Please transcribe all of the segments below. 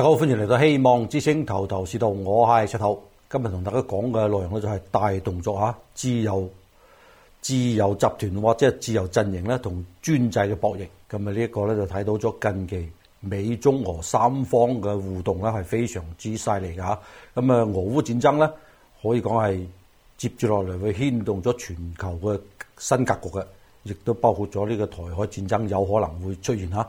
大家好，歡迎嚟到希望之星。頭頭是道，我係石頭。今日同大家講嘅內容咧就係大動作吓，自由、自由集團或者係自由陣營咧同專制嘅博弈。咁啊，呢一個咧就睇到咗近期美中俄三方嘅互動咧係非常之犀利嘅吓。咁啊，俄烏戰爭咧可以講係接住落嚟會牽動咗全球嘅新格局嘅，亦都包括咗呢個台海戰爭有可能會出現吓。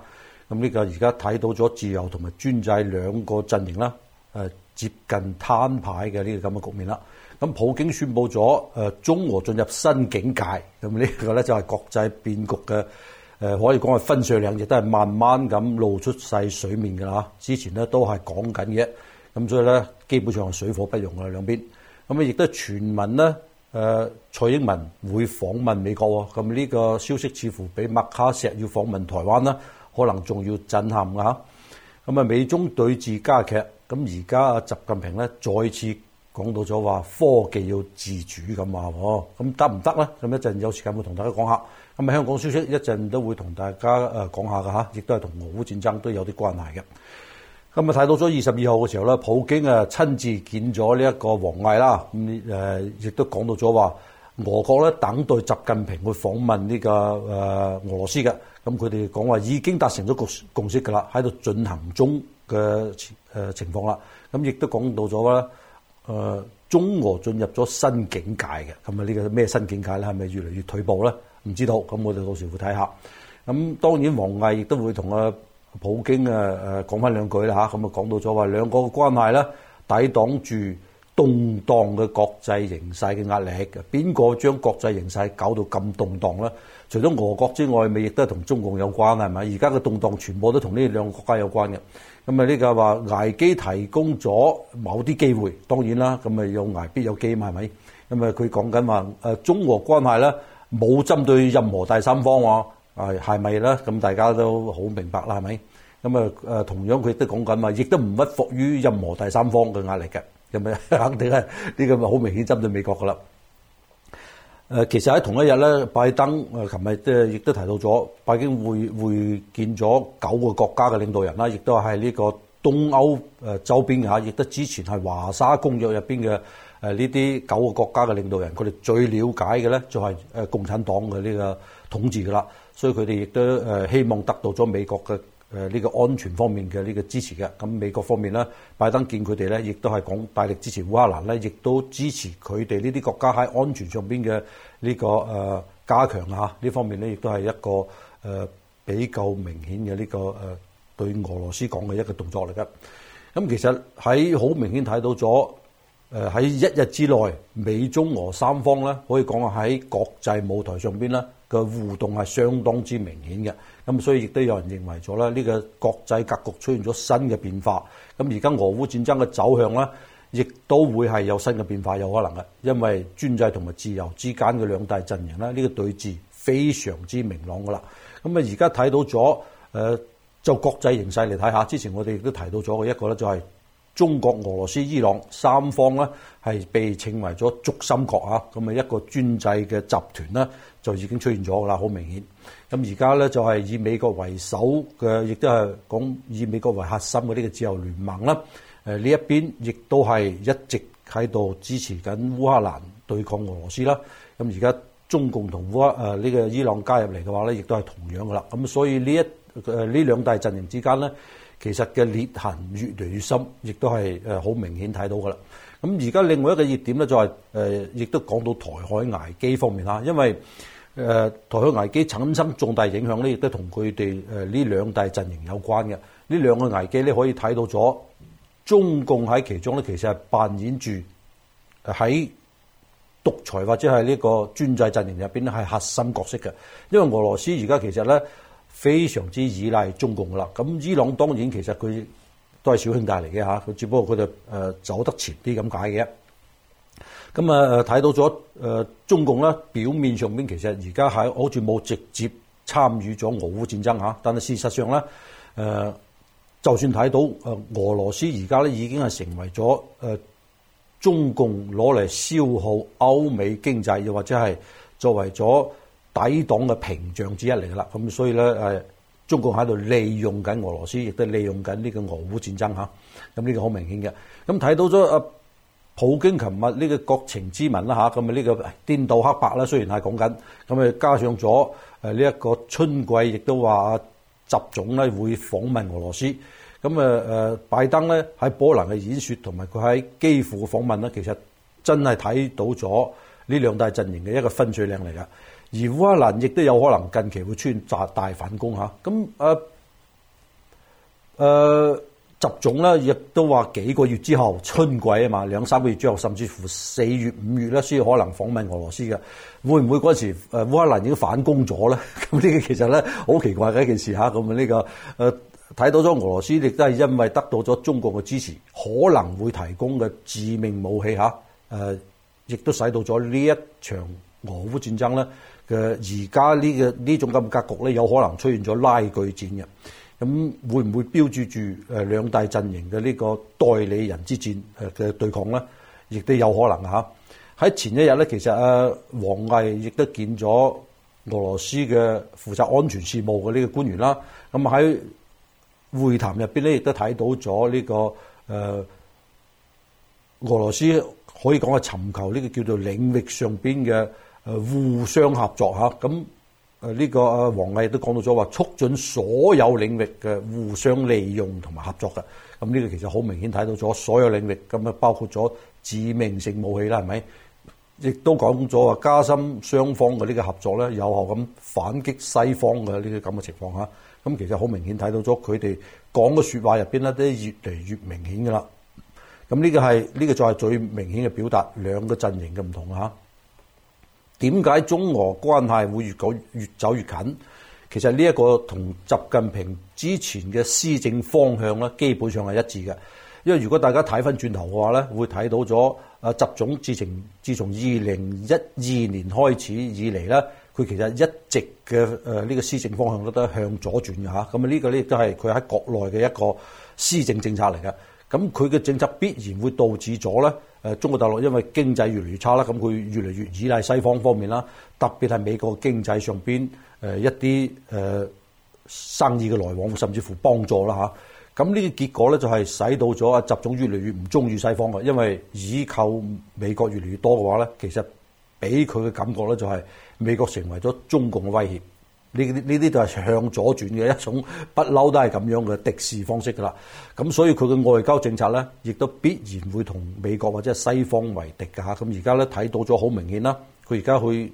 咁、這、呢個而家睇到咗自由同埋專制兩個陣營啦，接近攤牌嘅呢個咁嘅局面啦。咁普京宣布咗、呃、中俄進入新境界，咁呢個咧就係、是、國際變局嘅、呃、可以講係分水嶺亦都係慢慢咁露出晒水面㗎啦。之前咧都係講緊嘅，咁所以咧基本上係水火不容啊兩邊。咁啊亦都傳聞咧誒蔡英文會訪問美國、哦，咁呢個消息似乎比麥卡錫要訪問台灣啦。可能仲要震撼噶，咁啊美中對峙加劇，咁而家啊習近平咧再次講到咗話科技要自主咁話，咁得唔得咧？咁一陣有時間會同大家講下，咁啊香港消息一陣都會同大家誒講下噶嚇，亦都係同俄烏戰爭都有啲關係嘅。咁啊睇到咗二十二號嘅時候咧，普京啊親自見咗呢一個王毅啦，咁誒亦都講到咗話俄國咧等待習近平去訪問呢個誒俄羅斯嘅。咁佢哋講話已經達成咗共共識㗎啦，喺度進行中嘅誒情況啦。咁亦都講到咗咧，誒中俄進入咗新境界嘅，咁呢個咩新境界咧？係咪越嚟越退步咧？唔知道。咁我哋到時會睇下。咁當然王毅亦都會同阿普京啊誒講翻兩句啦吓。咁啊講到咗話兩個關係咧，抵擋住動盪嘅國際形勢嘅壓力嘅，邊個將國際形勢搞到咁動盪咧？除咗俄國之外，咪亦都係同中共有關係咪？而家嘅動盪全部都同呢兩個國家有關嘅。咁啊，呢個話危機提供咗某啲機會，當然啦。咁啊，有危必有機，係咪？咁啊，佢講緊話誒，中俄關係咧冇針對任何第三方喎，係咪咧？咁大家都好明白啦，係咪？咁啊誒，同樣佢亦都講緊嘛，亦都唔屈服於任何第三方嘅壓力嘅。咁咪肯定係呢個咪好明顯針對美國噶啦。誒、呃，其實喺同一日咧，拜登誒琴日即係亦都提到咗，拜登會會見咗九個國家嘅領導人啦，亦都係呢個東歐誒周邊嚇，亦都之前係華沙公約入邊嘅誒呢啲九個國家嘅領導人，佢哋最了解嘅咧就係誒共產黨嘅呢個統治噶啦，所以佢哋亦都誒希望得到咗美國嘅。誒、這、呢個安全方面嘅呢個支持嘅，咁美國方面咧，拜登見佢哋咧，亦都係講大力支持烏克蘭咧，亦都支持佢哋呢啲國家喺安全上邊嘅呢個誒、呃、加強吓，呢方面咧，亦都係一個誒、呃、比較明顯嘅呢個誒、呃、對俄羅斯講嘅一個動作嚟嘅。咁、嗯、其實喺好明顯睇到咗，誒、呃、喺一日之內，美中俄三方咧，可以講啊喺國際舞台上邊咧嘅互動係相當之明顯嘅。咁所以亦都有人認為咗啦，呢個國際格局出現咗新嘅變化。咁而家俄烏戰爭嘅走向咧，亦都會係有新嘅變化有可能嘅，因為專制同埋自由之間嘅兩大陣營咧，呢個對峙非常之明朗㗎喇。咁啊，而家睇到咗誒，就國際形勢嚟睇下，之前我哋亦都提到咗嘅一個咧，就係、是。中國、俄羅斯、伊朗三方咧，係被稱為咗軸心國嚇，咁啊一個專制嘅集團咧，就已經出現咗啦，好明顯。咁而家咧就係以美國為首嘅，亦都係講以美國為核心嘅呢個自由聯盟啦。誒呢一邊亦都係一直喺度支持緊烏克蘭對抗俄羅斯啦。咁而家中共同烏克誒呢個伊朗加入嚟嘅話咧，亦都係同樣噶啦。咁所以呢一誒呢兩大陣營之間咧。其實嘅裂痕越嚟越深，亦都係誒好明顯睇到嘅啦。咁而家另外一個熱點咧就係誒，亦都講到台海危機方面啦。因為誒台海危機產生重大影響咧，亦都同佢哋誒呢兩大陣營有關嘅。呢兩個危機咧可以睇到咗中共喺其中咧，其實係扮演住喺獨裁或者係呢個專制陣營入邊咧係核心角色嘅。因為俄羅斯而家其實咧。非常之依賴中共噶啦，咁伊朗當然其實佢都係小兄弟嚟嘅嚇，佢只不過佢就誒走得前啲咁解嘅。咁啊睇到咗誒、呃、中共咧，表面上邊其實而家係好似冇直接參與咗俄烏戰爭嚇，但係事實上咧誒、呃，就算睇到誒俄羅斯而家咧已經係成為咗誒、呃、中共攞嚟消耗歐美經濟，又或者係作為咗。抵擋嘅屏障之一嚟噶啦，咁所以咧誒，中國喺度利用緊俄羅斯，亦都利用緊呢個俄烏戰爭嚇，咁呢個好明顯嘅。咁睇到咗阿普京琴日呢個國情咨文啦吓，咁啊呢個顛倒黑白啦，雖然係講緊，咁啊加上咗誒呢一個春季，亦都話習總咧會訪問俄羅斯，咁啊誒拜登咧喺波蘭嘅演説同埋佢喺基輔嘅訪問咧，其實真係睇到咗呢兩大陣營嘅一個分水嶺嚟噶。而烏克蘭亦都有可能近期會穿炸大反攻吓，咁誒誒習總咧亦都話幾個月之後春季啊嘛，兩三個月之後甚至乎四月五月咧，先可能訪問俄羅斯嘅，會唔會嗰時誒烏克蘭已經反攻咗咧？咁 呢個其實咧好奇怪嘅一件事吓，咁啊呢、這個睇、呃、到咗俄羅斯亦都係因為得到咗中國嘅支持，可能會提供嘅致命武器吓、啊呃、亦都使到咗呢一場俄烏戰爭咧。嘅而家呢個呢種咁格局咧，有可能出現咗拉鋸戰嘅，咁會唔會標誌住誒兩大陣營嘅呢個代理人之戰嘅對抗咧？亦都有可能嚇。喺前一日咧，其實阿王毅亦都見咗俄羅斯嘅負責安全事務嘅呢個官員啦。咁喺會談入邊咧，亦都睇到咗呢個誒俄羅斯可以講係尋求呢個叫做領域上邊嘅。誒互相合作嚇，咁誒呢個阿王毅都講到咗話，促進所有領域嘅互相利用同埋合作嘅。咁呢個其實好明顯睇到咗所有領域，咁啊包括咗致命性武器啦，係咪？亦都講咗啊，加深雙方嘅呢個合作咧，有效咁反擊西方嘅呢啲咁嘅情況嚇。咁其實好明顯睇到咗佢哋講嘅説話入邊咧，都越嚟越明顯㗎喇。咁呢個係呢個就係最明顯嘅表達，兩個陣營嘅唔同嚇。點解中俄關係會越講越走越近？其實呢一個同習近平之前嘅施政方向咧，基本上係一致嘅。因為如果大家睇翻轉頭嘅話咧，會睇到咗啊習總自從自從二零一二年開始以嚟咧，佢其實一直嘅誒呢個施政方向都都向左轉嘅。咁啊呢個咧都係佢喺國內嘅一個施政政策嚟嘅。咁佢嘅政策必然會導致咗咧。誒中國大陸因為經濟越嚟越差啦，咁佢越嚟越依賴西方方面啦，特別係美國經濟上邊誒一啲誒生意嘅來往，甚至乎幫助啦嚇。咁呢個結果咧，就係使到咗阿習總越嚟越唔中意西方嘅，因為依靠美國越嚟越多嘅話咧，其實俾佢嘅感覺咧，就係美國成為咗中共嘅威脅。呢呢啲都係向左轉嘅一種，不嬲都係咁樣嘅敵視方式噶啦。咁所以佢嘅外交政策咧，亦都必然會同美國或者西方為敵㗎嚇。咁而家咧睇到咗好明顯啦，佢而家去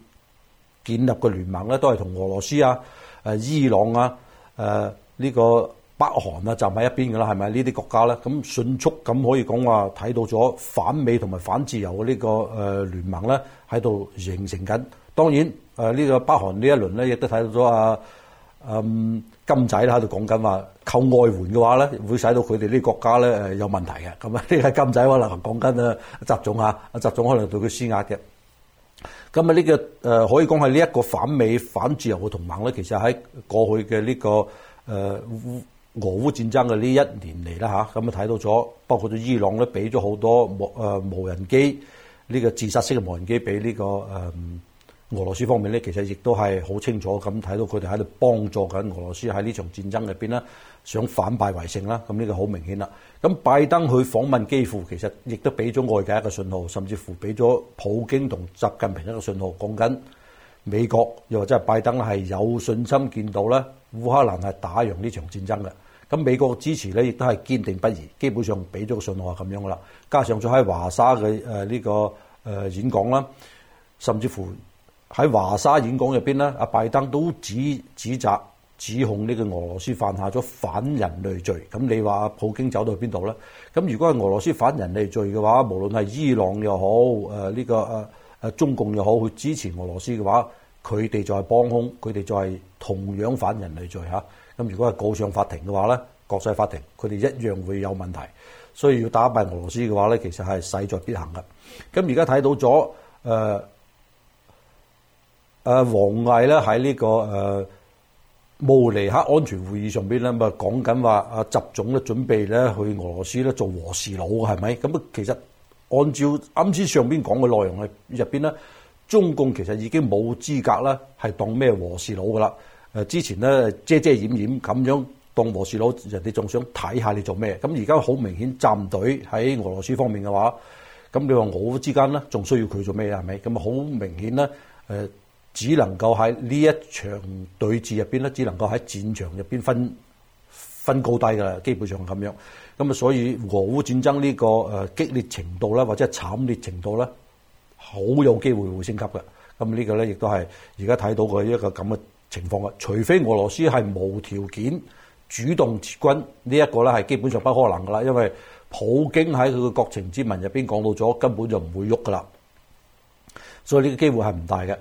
建立嘅聯盟咧，都係同俄羅斯啊、誒伊朗啊、誒呢個北韓啊站喺一邊㗎啦，係咪？呢啲國家咧，咁迅速咁可以講話睇到咗反美同埋反自由嘅呢個誒聯盟咧，喺度形成緊。當然，誒、這、呢個北韓呢一輪咧，亦都睇到咗啊。嗯，金仔咧喺度講緊話，靠外援嘅話咧，會使到佢哋呢個國家咧誒有問題嘅。咁、嗯、啊，呢個金仔可能講緊啊，習總啊，啊習總可能對佢施壓嘅。咁、嗯、啊，呢、這個誒、呃、可以講係呢一個反美反自由嘅同盟咧。其實喺過去嘅呢、這個誒、呃、俄烏戰爭嘅呢一年嚟啦吓，咁啊睇到咗，包括咗伊朗咧俾咗好多無誒、呃、無人機呢、這個自殺式嘅無人機俾呢個誒。呃俄羅斯方面咧，其實亦都係好清楚咁睇到佢哋喺度幫助緊俄羅斯喺呢場戰爭入邊咧，想反敗為勝啦。咁呢個好明顯啦。咁拜登去訪問基輔其實亦都俾咗外界一個信號，甚至乎俾咗普京同習近平一個信號，講緊美國又或者係拜登係有信心見到咧烏克蘭係打贏呢場戰爭嘅。咁美國嘅支持咧，亦都係堅定不移，基本上俾咗個信號係咁樣啦。加上再喺華沙嘅誒呢個誒演講啦，甚至乎。喺華沙演講入邊咧，阿拜登都指指責指控呢個俄羅斯犯下咗反人類罪。咁你話普京走到邊度咧？咁如果係俄羅斯反人類罪嘅話，無論係伊朗又好，誒、這、呢個誒誒、啊、中共又好，去支持俄羅斯嘅話，佢哋就係幫兇，佢哋就係同樣反人類罪嚇。咁如果係告上法庭嘅話咧，國際法庭佢哋一樣會有問題。所以要打敗俄羅斯嘅話咧，其實係勢在必行嘅。咁而家睇到咗誒。呃誒、啊、王毅咧喺呢、這個誒慕、呃、尼黑安全會議上邊咧，咪講緊話阿習總咧準備咧去俄羅斯咧做和事佬，係咪？咁、嗯、啊，其實按照啱先上邊講嘅內容嘅入邊咧，中共其實已經冇資格啦，係當咩和事佬㗎啦。誒之前咧遮遮掩掩咁樣當和事佬，人哋仲想睇下你做咩？咁而家好明顯站隊喺俄羅斯方面嘅話，咁、嗯、你話我之間咧仲需要佢做咩啊？係咪？咁、嗯、啊，好明顯咧誒。呃只能夠喺呢一場對峙入邊咧，只能夠喺戰場入邊分分高低㗎啦。基本上咁樣咁啊，所以俄烏戰爭呢個激烈程度咧，或者慘烈程度咧，好有機會會升級嘅。咁呢個咧亦都係而家睇到嘅一個咁嘅情況啦。除非俄羅斯係無條件主動撤軍，這個、呢一個咧係基本上不可能㗎啦，因為普京喺佢嘅國情咨文入邊講到咗，根本就唔會喐㗎啦。所以呢個機會係唔大嘅。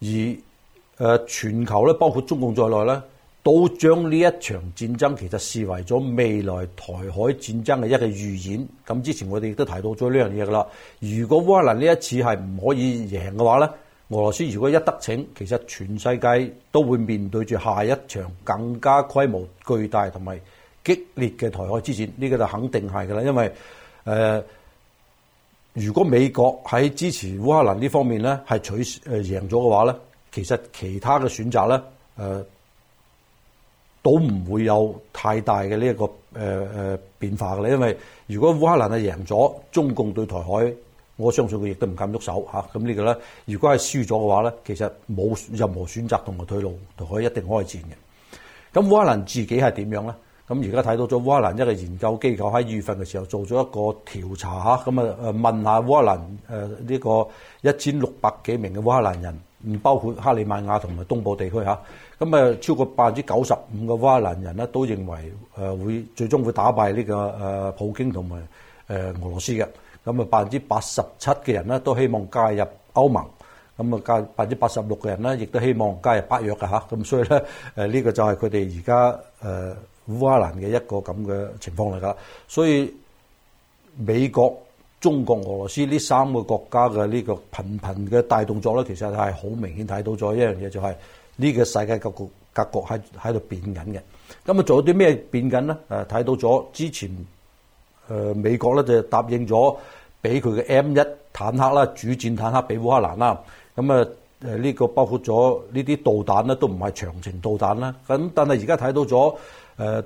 而誒全球咧，包括中共在內咧，都將呢一場戰爭其實視為咗未來台海戰爭嘅一個預演。咁之前我哋亦都提到咗呢樣嘢㗎喇。如果烏克蘭呢一次係唔可以贏嘅話咧，俄羅斯如果一得逞，其實全世界都會面對住下一場更加規模巨大同埋激烈嘅台海之戰。呢個就肯定係㗎喇，因為誒。呃如果美國喺支持烏克蘭呢方面咧，係取誒贏咗嘅話咧，其實其他嘅選擇咧，誒、呃，都唔會有太大嘅呢一個誒誒、呃、變化嘅咧。因為如果烏克蘭係贏咗，中共對台海，我相信佢亦都唔敢喐手嚇。咁、啊、呢個咧，如果係輸咗嘅話咧，其實冇任何選擇同埋退路，台海可以一定開戰嘅。咁烏克蘭自己係點樣咧？咁而家睇到咗烏克蘭一個研究機構喺二月份嘅時候做咗一個調查嚇，咁啊誒問下烏克蘭誒呢個一千六百幾名嘅烏克蘭人，唔包括哈里曼雅同埋東部地區嚇，咁啊超過百分之九十五嘅烏克蘭人呢，都認為誒會最終會打敗呢個誒普京同埋誒俄羅斯嘅，咁啊百分之八十七嘅人呢，都希望介入歐盟，咁啊加百分之八十六嘅人呢，亦都希望加入北約嘅嚇，咁所以咧誒呢個就係佢哋而家誒。烏克蘭嘅一個咁嘅情況嚟㗎，所以美國、中國、俄羅斯呢三個國家嘅呢個頻頻嘅大動作咧，其實係好明顯睇到咗一樣嘢，就係呢個世界格局格局喺喺度變緊嘅。咁啊，做咗啲咩變緊咧？誒，睇到咗之前誒、呃、美國咧就答應咗俾佢嘅 M1 坦克啦，主戰坦克俾烏克蘭啦。咁啊誒呢個包括咗呢啲導彈咧，都唔係長程導彈啦。咁但係而家睇到咗。誒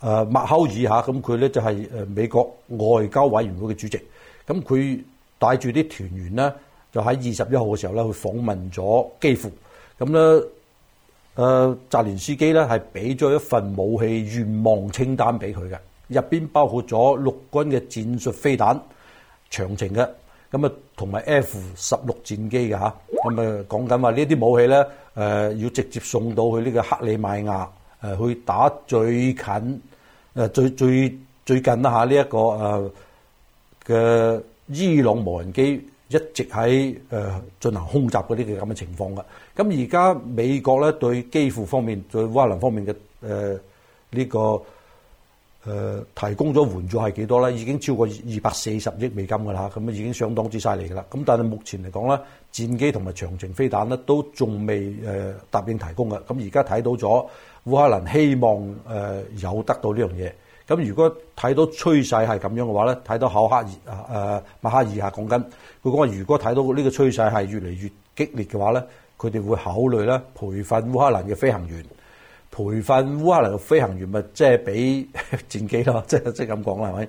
誒麥考爾咁佢咧就係、是呃、美國外交委員會嘅主席，咁、啊、佢帶住啲團員呢，就喺二十一號嘅時候咧，去訪問咗基輔，咁咧誒澤連斯基咧係俾咗一份武器願望清單俾佢嘅，入邊包括咗陸軍嘅戰術飛彈、長程嘅，咁啊同埋 F 十六戰機嘅嚇，咁啊講緊話呢啲武器咧、啊、要直接送到去呢個克里米亞。誒去打最近誒、啊、最最最近啦下呢一個誒嘅、啊、伊朗無人機一直喺誒、啊、進行空襲嗰啲嘅咁嘅情況噶，咁而家美國咧對機庫方面、對烏克蘭方面嘅誒呢個誒、啊、提供咗援助係幾多咧？已經超過二百四十億美金噶啦，咁啊已經相當之犀利噶啦。咁但係目前嚟講咧，戰機同埋長程飛彈呢，都仲未誒、啊、答應提供嘅。咁而家睇到咗。烏克蘭希望誒、呃、有得到呢樣嘢，咁如果睇到趨勢係咁樣嘅話咧，睇到考克爾誒麥克爾下講緊，佢講話如果睇到呢個趨勢係越嚟越激烈嘅話咧，佢哋會考慮咧培訓烏克蘭嘅飛行員，培訓烏克蘭嘅飛行員咪即係俾戰機咯，即係即係咁講啦，係咪？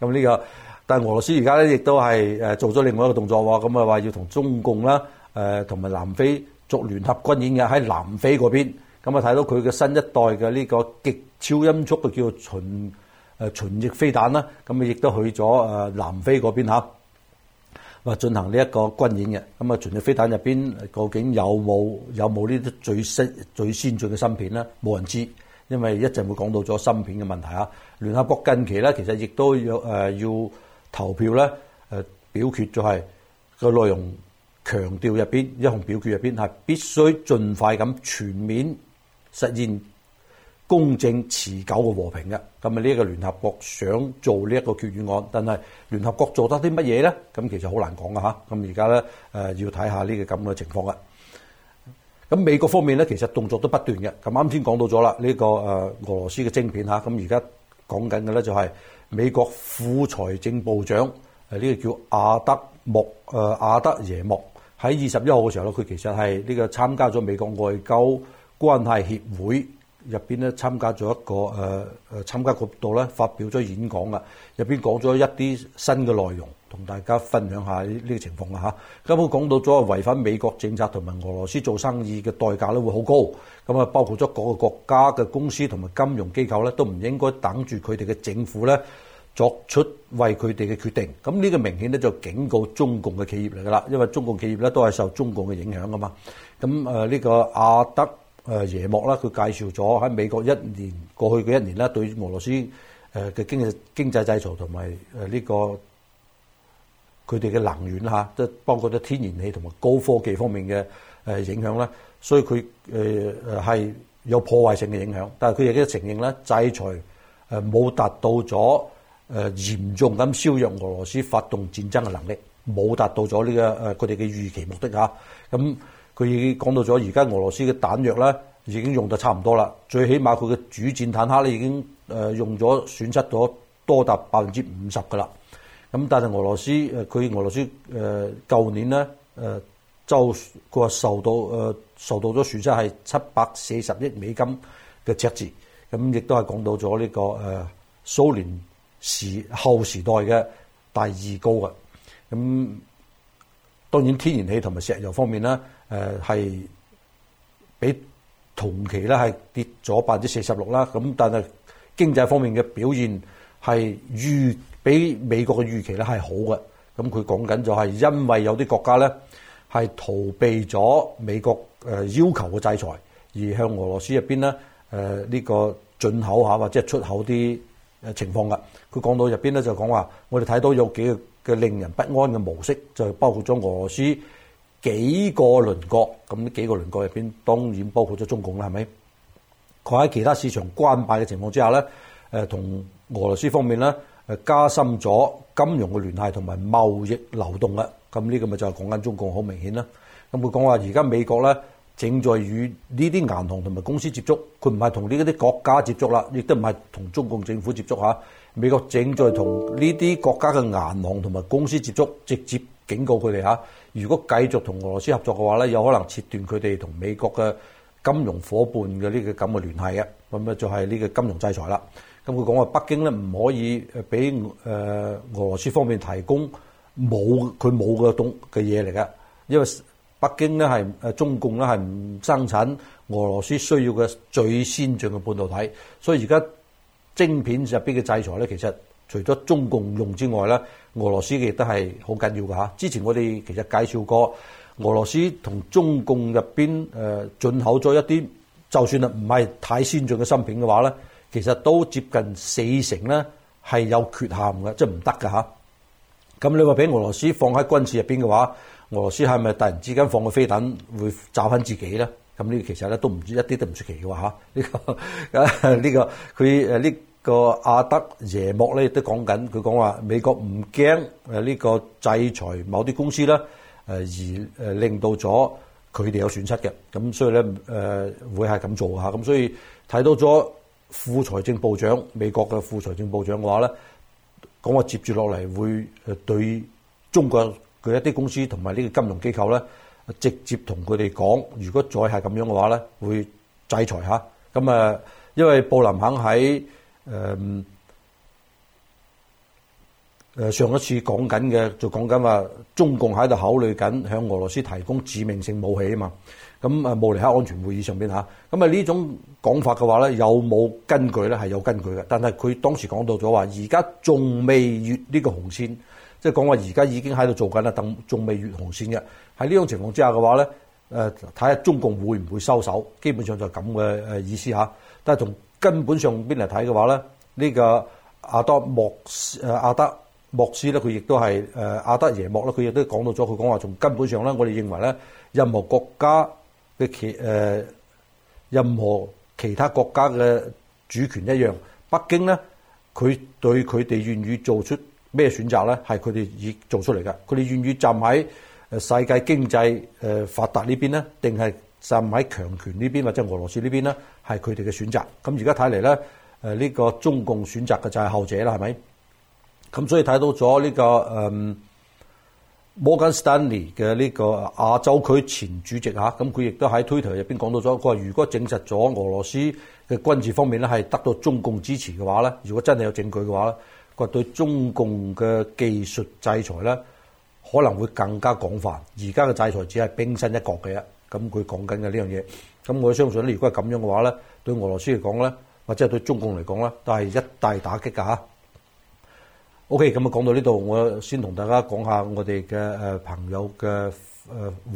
咁呢、呢個但係俄羅斯而家咧亦都係誒做咗另外一個動作喎，咁啊話要同中共啦誒同埋南非做聯合軍演嘅喺南非嗰邊。咁啊，睇到佢嘅新一代嘅呢個極超音速嘅叫做巡誒巡弋飛彈啦，咁啊亦都去咗誒南非嗰邊嚇，話進行呢一個軍演嘅。咁啊，巡弋飛彈入邊究竟有冇有冇呢啲最先最先進嘅芯片咧？冇人知，因為一陣會,會講到咗芯片嘅問題嚇。聯合國近期咧，其實亦都有誒、呃、要投票咧誒、呃、表決、就係，咗係個內容強調入邊一項表決入邊係必須盡快咁全面。實現公正持久嘅和平嘅，咁啊呢一個聯合國想做呢一個決議案，但係聯合國做得啲乜嘢咧？咁其實好難講㗎！吓、呃，咁而家咧誒要睇下呢個咁嘅情況啦。咁美國方面咧，其實動作都不斷嘅。咁啱先講到咗啦，呢個誒俄羅斯嘅晶片吓，咁而家講緊嘅咧就係美國副財政部長誒呢、呢個叫阿德莫誒阿、呃、德耶莫喺二十一號嘅時候咧，佢其實係呢個參加咗美國外交關係協會入邊咧參加咗一個誒誒參加個度咧、呃呃、發表咗演講啊，入邊講咗一啲新嘅內容，同大家分享一下呢個情況啦嚇。根本講到咗違反美國政策同埋俄羅斯做生意嘅代價咧會好高，咁啊包括咗各個國家嘅公司同埋金融機構咧都唔應該等住佢哋嘅政府咧作出為佢哋嘅決定。咁、這、呢個明顯咧就警告中共嘅企業嚟㗎啦，因為中共企業咧都係受中共嘅影響㗎嘛。咁誒呢個阿德。誒耶莫啦，佢介紹咗喺美國一年過去嘅一年啦，對俄羅斯誒嘅經經濟制裁同埋誒呢個佢哋嘅能源嚇，都包括咗天然氣同埋高科技方面嘅誒影響咧。所以佢誒誒係有破壞性嘅影響，但係佢亦都承認咧，制裁誒冇達到咗誒嚴重咁削弱俄羅斯發動戰爭嘅能力，冇達到咗呢個誒佢哋嘅預期目的嚇。咁佢已經講到咗，而家俄羅斯嘅彈藥咧已經用得差唔多啦。最起碼佢嘅主戰坦克咧已經誒用咗損失咗多達百分之五十噶啦。咁但係俄羅斯誒，佢俄羅斯誒，舊年咧誒就佢話受到誒受到咗損失係七百四十億美金嘅赤字。咁亦都係講到咗呢個誒蘇聯時後時代嘅第二高嘅。咁當然天然氣同埋石油方面咧。誒係比同期咧係跌咗百分之四十六啦，咁但係經濟方面嘅表現係預比美國嘅預期咧係好嘅，咁佢講緊就係因為有啲國家咧係逃避咗美國誒要求嘅制裁，而向俄羅斯入邊咧誒呢個進口下或者出口啲情況噶，佢講到入邊咧就講話我哋睇到有幾個嘅令人不安嘅模式，就包括咗俄羅斯。幾個鄰國，咁，幾個鄰國入面當然包括咗中共啦，係咪？佢喺其他市場關閉嘅情況之下咧，同俄羅斯方面咧加深咗金融嘅聯繫同埋貿易流動啊。咁呢個咪就係講緊中共好明顯啦。咁佢講話而家美國咧正在與呢啲銀行同埋公司接觸，佢唔係同呢啲國家接觸啦，亦都唔係同中共政府接觸吓。美國正在同呢啲國家嘅銀行同埋公司接觸，直接警告佢哋吓如果繼續同俄羅斯合作嘅話咧，有可能切斷佢哋同美國嘅金融夥伴嘅呢個咁嘅聯繫嘅，咁啊就係、是、呢個金融制裁啦。咁佢講話北京咧唔可以誒俾誒俄羅斯方面提供冇佢冇嘅東嘅嘢嚟嘅，因為北京咧係誒中共咧係唔生產俄羅斯需要嘅最先進嘅半導體，所以而家晶片入邊嘅制裁咧其實～除咗中共用之外咧，俄羅斯嘅亦都係好緊要嘅嚇。之前我哋其實介紹過，俄羅斯同中共入邊誒進口咗一啲，就算係唔係太先進嘅芯片嘅話咧，其實都接近四成咧係有缺陷嘅，即係唔得嘅嚇。咁你話俾俄羅斯放喺軍事入邊嘅話，俄羅斯係咪突然之間放個飛彈會炸翻自己咧？咁呢個其實咧都唔知一啲都唔出奇嘅喎嚇。呢、呢個呢、 呢個佢誒呢？個阿德耶莫咧都講緊，佢講話美國唔驚呢個制裁某啲公司啦，而令到咗佢哋有損失嘅，咁所以咧會係咁做下，咁所以睇到咗副財政部長美國嘅副財政部長嘅話咧，講話接住落嚟會對中國嘅一啲公司同埋呢個金融機構咧，直接同佢哋講，「如果再係咁樣嘅話咧，會制裁下。」咁誒因為布林肯喺。誒，誒，上一次講緊嘅就講緊話，中共喺度考慮緊向俄羅斯提供致命性武器啊嘛。咁啊，慕尼黑安全會議上邊吓，咁啊呢種講法嘅話咧，有冇根據咧？係有根據嘅。但係佢當時講到咗話，而家仲未越呢個紅線，即係講話而家已經喺度做緊啦，等仲未越，越紅線嘅。喺呢種情況之下嘅話咧，誒、啊，睇下中共會唔會收手？基本上就咁嘅誒意思吓、啊。但係同。根本上邊嚟睇嘅話咧，呢個阿德莫斯誒阿德莫斯咧，佢亦都係誒阿德耶莫咧，佢亦都講到咗，佢講話從根本上咧，我哋認為咧，任何國家嘅其誒任何其他國家嘅主權一樣，北京咧，佢對佢哋願意做出咩選擇咧，係佢哋已做出嚟嘅，佢哋願意站喺誒世界經濟誒發達呢邊咧，定係？就喺強權呢邊或者俄羅斯呢邊呢，係佢哋嘅選擇。咁而家睇嚟咧，呢、這個中共選擇嘅就係後者啦，係咪？咁所以睇到咗呢、這個誒摩根 l 丹 y 嘅呢個亞洲區前主席吓，咁佢亦都喺 Twitter 入邊講到咗，佢如果證實咗俄羅斯嘅軍事方面咧係得到中共支持嘅話咧，如果真係有證據嘅話咧，佢對中共嘅技術制裁咧，可能會更加廣泛。而家嘅制裁只係冰山一角嘅。咁佢講緊嘅呢樣嘢，咁我都相信咧。如果係咁樣嘅話咧，對俄羅斯嚟講咧，或者係對中共嚟講咧，都係一大打擊㗎嚇。OK，咁啊講到呢度，我先同大家講下我哋嘅誒朋友嘅誒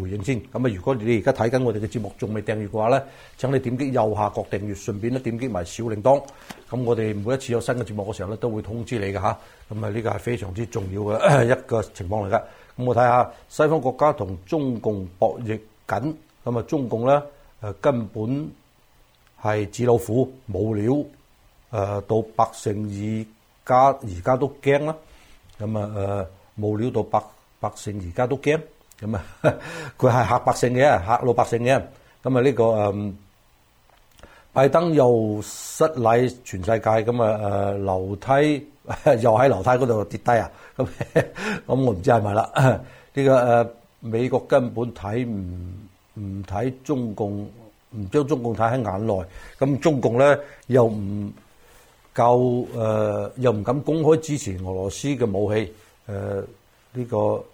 回應先。咁啊，如果你而家睇緊我哋嘅節目仲未訂閱嘅話咧，請你點擊右下角訂閱，順便咧點擊埋小鈴鐺。咁我哋每一次有新嘅節目嘅時候咧，都會通知你㗎嚇。咁啊，呢個係非常之重要嘅一個情況嚟㗎。咁我睇下西方國家同中共博弈，緊咁啊！中共咧，誒根本係紙老虎，冇料誒、呃、到百姓而家而家都驚啦！咁啊誒冇料到百百姓而家都驚，咁啊佢係嚇百姓嘅嚇老百姓嘅，咁啊呢個誒、嗯、拜登又失禮全世界，咁啊誒樓梯又喺樓梯嗰度跌低啊！咁咁我唔知係咪啦，呢、這個誒。呃美國根本睇唔唔睇中共，唔將中共睇喺眼內。咁中共咧又唔夠誒，又唔、呃、敢公開支持俄羅斯嘅武器。誒、呃、呢、呢個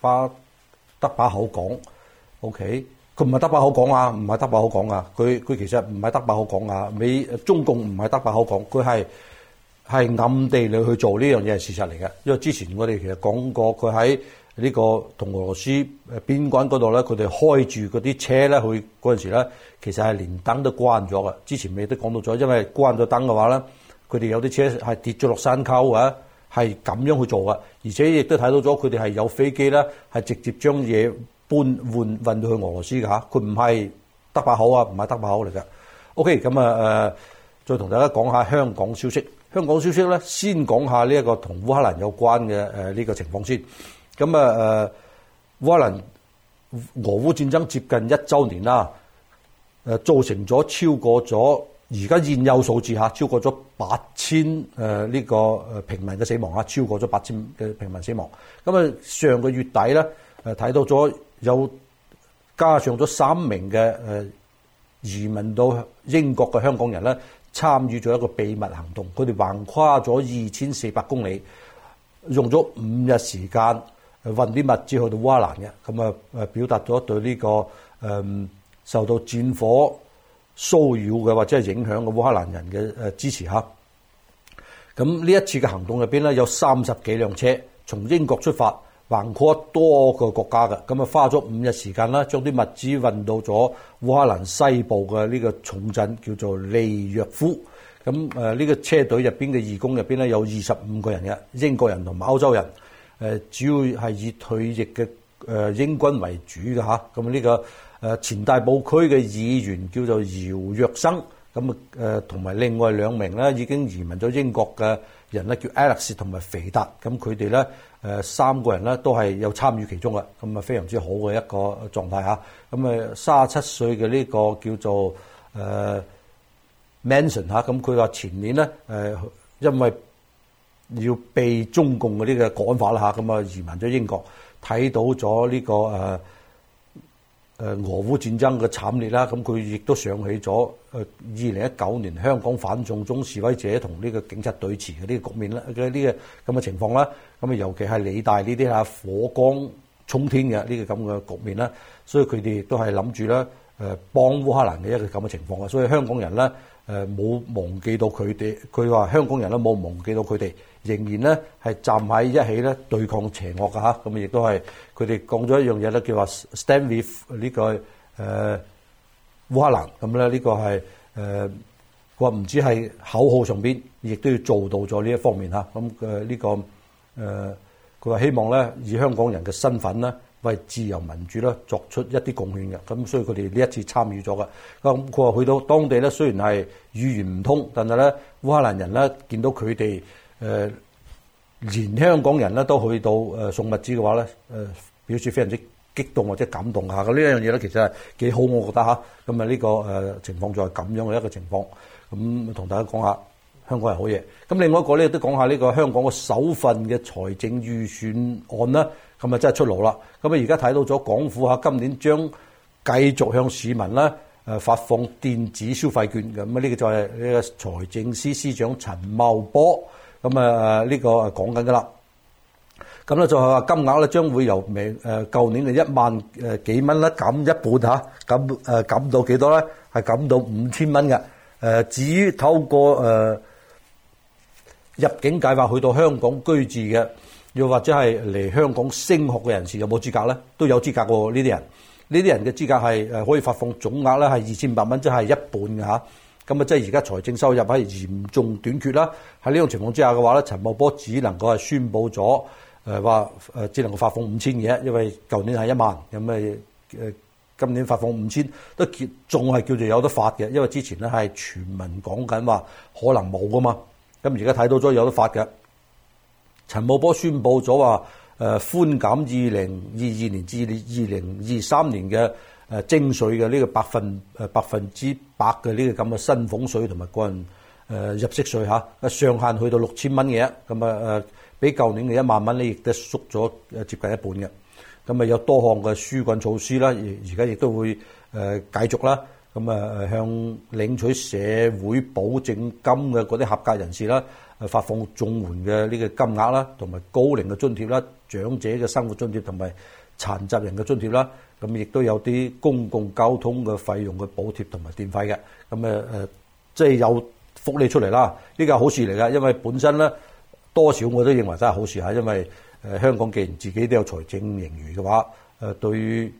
巴得把口講，OK？佢唔係得把口講啊，唔係得把口講啊。佢佢其實唔係得把口講啊。美中共唔係得把口講，佢係係暗地裏去做呢樣嘢，係事實嚟嘅。因為之前我哋其實講過，佢喺呢、個同俄羅斯邊關嗰度咧，佢哋開住嗰啲車咧，去嗰陣時咧，其實係連燈都關咗嘅。之前未都講到咗，因為關咗燈嘅話咧，佢哋有啲車係跌咗落山溝啊，係咁樣去做嘅。而且亦都睇到咗，佢哋係有飛機咧，係直接將嘢搬換運到去俄羅斯嘅嚇。佢唔係得把口啊，唔係得把口嚟嘅。OK，咁啊誒，再同大家講下香港消息。香港消息咧，先講下呢、一個同烏克蘭有關嘅誒呢個情況先。咁啊誒，烏蘭俄烏戰爭接近一週年啦、啊，造成咗超過咗而家現有數字下超過咗八千呢個平民嘅死亡啊，超過咗八千嘅平民死亡。咁啊上個月底咧，睇、啊、到咗有加上咗三名嘅、啊、移民到英國嘅香港人咧，參與咗一個秘密行動，佢哋橫跨咗二千四百公里，用咗五日時間。運啲物資去到烏克蘭嘅，咁啊誒表達咗對呢、這個誒、嗯、受到戰火騷擾嘅或者係影響嘅烏克蘭人嘅誒支持吓。咁呢一次嘅行動入邊咧，有三十幾輛車從英國出發，橫跨多個國家嘅，咁啊花咗五日時間啦，將啲物資運到咗烏克蘭西部嘅呢個重鎮叫做利沃夫。咁誒呢個車隊入邊嘅義工入邊咧有二十五個人嘅，英國人同埋歐洲人。誒、呃、主要係以退役嘅誒、呃、英軍為主嘅嚇，咁、啊、呢、這個誒、呃、前大埔區嘅議員叫做姚若生，咁啊誒同埋另外兩名咧已經移民咗英國嘅人咧叫 Alex 同埋肥達，咁佢哋咧誒三個人咧都係有參與其中嘅，咁啊非常之好嘅一個狀態嚇，咁啊三十七歲嘅呢個叫做誒 Manson 嚇，咁佢話前年咧誒、啊、因為。要被中共嗰啲嘅講法啦嚇，咁啊移民咗英國，睇到咗呢個誒誒俄烏戰爭嘅慘烈啦，咁佢亦都想起咗誒二零一九年香港反送中示威者同呢個警察對峙嘅呢個局面啦，呢個咁嘅情況啦，咁啊尤其係理大呢啲啊火光沖天嘅呢個咁嘅局面啦，所以佢哋亦都係諗住咧誒幫烏克蘭嘅一個咁嘅情況啊，所以香港人咧誒冇忘記到佢哋，佢話香港人咧冇忘記到佢哋。仍然咧係站喺一起咧，對抗邪惡噶吓，咁亦都係佢哋講咗一樣嘢咧，叫話 stand with 呢個誒烏克蘭，咁咧呢個係誒佢話唔止係口號上邊，亦都要做到咗呢一方面吓，咁嘅呢個誒佢話希望咧以香港人嘅身份咧，為自由民主咧作出一啲貢獻嘅。咁、嗯、所以佢哋呢一次參與咗嘅。咁佢話去到當地咧，雖然係語言唔通，但係咧烏克蘭人咧見到佢哋。誒、呃、連香港人咧都去到誒、呃、送物資嘅話咧，誒、呃、表示非常之激動或者感動一下嘅呢一樣嘢咧，其實係幾好，我覺得嚇。咁、嗯、啊，呢、這個誒、呃、情況就係咁樣嘅一個情況。咁、嗯、同大家講下香港係好嘢。咁、嗯、另外一個咧，都講下呢個香港嘅首份嘅財政預算案啦。咁、嗯、啊、嗯，真係出爐啦。咁、嗯、啊，而家睇到咗港府嚇今年將繼續向市民咧誒、呃、發放電子消費券嘅。咁、嗯、啊，呢、這個就係呢個財政司司長陳茂波。咁啊，呢個講緊噶啦。咁咧就係話金額咧將會由明誒舊年嘅一萬誒幾蚊咧減一半嚇。減誒減到幾多咧？係減到五千蚊嘅。誒至於透過誒入境計劃去到香港居住嘅，又或者係嚟香港升學嘅人士有冇資格咧？都有資格喎呢啲人。呢啲人嘅資格係誒可以發放總額咧係二千五百蚊，即係一半嘅嚇。咁啊，即係而家財政收入係嚴重短缺啦。喺呢種情況之下嘅話咧，陳茂波只能夠係宣佈咗，話、呃、誒只能夠發放五千嘅，因為舊年係一萬，咁誒今年發放五千都仲係叫做有得發嘅，因為之前咧係全民講緊話可能冇噶嘛。咁而家睇到咗有得發嘅，陳茂波宣佈咗話寬減二零二二年至二零二三年嘅。誒徵稅嘅呢個百分誒百分之百嘅呢個咁嘅薪俸稅同埋個人誒入息稅嚇，啊上限到去到六千蚊嘅，咁啊誒比舊年嘅一萬蚊咧亦都縮咗誒接近一半嘅，咁啊有多項嘅紓困措施啦，而而家亦都會誒繼續啦，咁啊向領取社會保證金嘅嗰啲合格人士啦，誒發放綜援嘅呢個金額啦，同埋高齡嘅津貼啦、長者嘅生活津貼同埋殘疾人嘅津貼啦。咁亦都有啲公共交通嘅費用嘅補貼同埋電費嘅，咁誒即係有福利出嚟啦，呢個好事嚟㗎，因為本身咧多少我都認為真係好事吓，因為香港既然自己都有財政盈餘嘅話，對於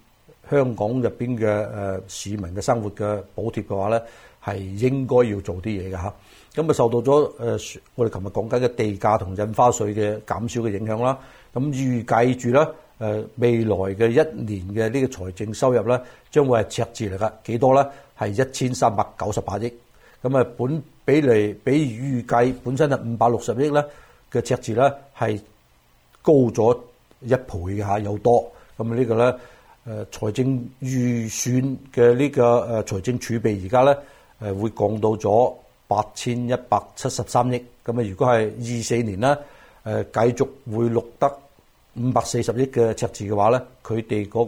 香港入邊嘅市民嘅生活嘅補貼嘅話咧，係應該要做啲嘢嘅，咁啊受到咗我哋琴日講緊嘅地價同印花稅嘅減少嘅影響啦，咁預計住咧。誒未來嘅一年嘅呢個財政收入咧，將會係赤字嚟噶，幾多咧？係一千三百九十八億。咁啊，本比例，比預計本身係五百六十億咧嘅赤字咧，係高咗一倍吓有多。咁啊，財預這個財呢個咧誒財政預算嘅呢個誒財政儲備而家咧誒會降到咗八千一百七十三億。咁啊，如果係二四年咧誒繼續會錄得。五百四十億嘅赤字嘅話咧，佢哋嗰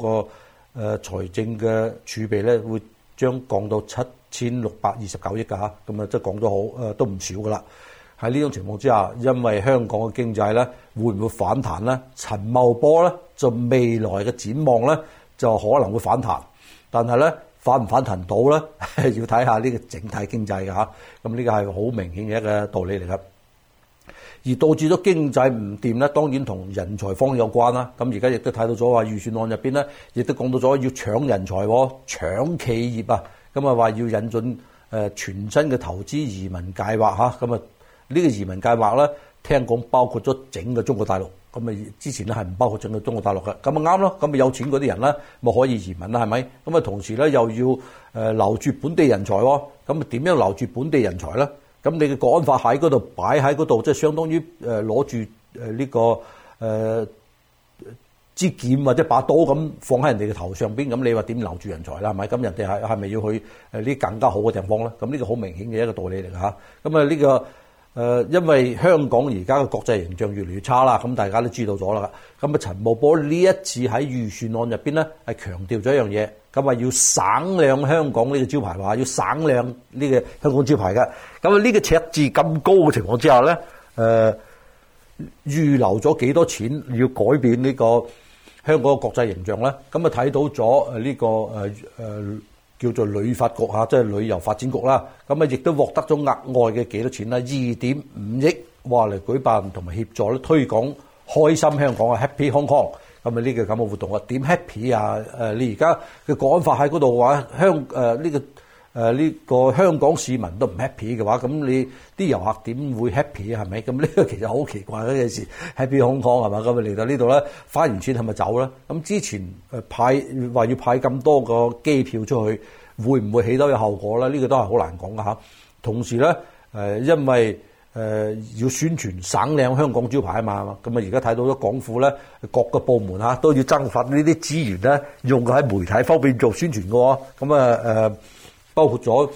個誒財政嘅儲備咧，會將降到七千六百二十九億㗎嚇，咁啊即係講咗好誒都唔少㗎啦。喺呢種情況之下，因為香港嘅經濟咧會唔會反彈咧？陳茂波咧就未來嘅展望咧就可能會反彈，但係咧反唔反彈到咧 要睇下呢個整體經濟㗎嚇，咁呢個係好明顯嘅一個道理嚟㗎。而導致咗經濟唔掂咧，當然同人才方有關啦。咁而家亦都睇到咗話預算案入邊咧，亦都講到咗要搶人才喎，搶企業啊。咁啊話要引進誒全新嘅投資移民計劃嚇。咁啊呢個移民計劃咧，聽講包括咗整個中國大陸。咁啊之前咧係唔包括整個中國大陸嘅。咁啊啱咯。咁咪有錢嗰啲人咧，咪可以移民啦，係咪？咁啊同時咧又要誒留住本地人才。咁啊點樣留住本地人才咧？咁你嘅國安法喺嗰度，擺喺嗰度，即係相當於攞住呢個誒支劍或者把刀咁放喺人哋嘅頭上邊，咁你話點留住人才啦？係咪？咁人哋係係咪要去呢更加好嘅地方咧？咁呢個好明顯嘅一個道理嚟嚇。咁啊呢個誒，因為香港而家嘅國際形象越來越差啦，咁大家都知道咗啦。咁啊，陳茂波呢一次喺預算案入邊咧，係強調咗一樣嘢，咁啊，要省靚香港呢個招牌，話要省靚呢個香港招牌嘅。咁、嗯、啊，呢、呢個赤字咁高嘅情況之下咧，誒、呃，預留咗幾多少錢要改變呢個香港嘅國際形象咧？咁、嗯、啊，睇到咗誒呢個誒誒。呃叫做旅發局嚇，即係旅遊發展局啦。咁啊，亦都獲得咗額外嘅幾多錢啦？二點五億，哇！嚟舉辦同埋協助咧推廣開心香港嘅 Happy Hong Kong。咁啊，呢個咁嘅活動啊，點 Happy 啊？誒，你而家嘅講法喺嗰度嘅話，香誒呢、呃呢個。誒、呃、呢、這個香港市民都唔 happy 嘅話，咁你啲遊客點會 happy 啊？係咪咁，呢個其實好奇怪嘅一件事，happy 香港係嘛咁啊？嚟到呢度咧，花完錢係咪走咧？咁之前派話要派咁多個機票出去，會唔會起到嘅效果咧？呢、這個都係好難講㗎。同時咧、呃、因為誒、呃、要宣傳省靚香港招牌啊嘛，咁啊而家睇到咗港府咧各個部門呀、啊、都要增發呢啲資源咧，用喺媒體方面做宣傳嘅喎。咁、呃、啊包括咗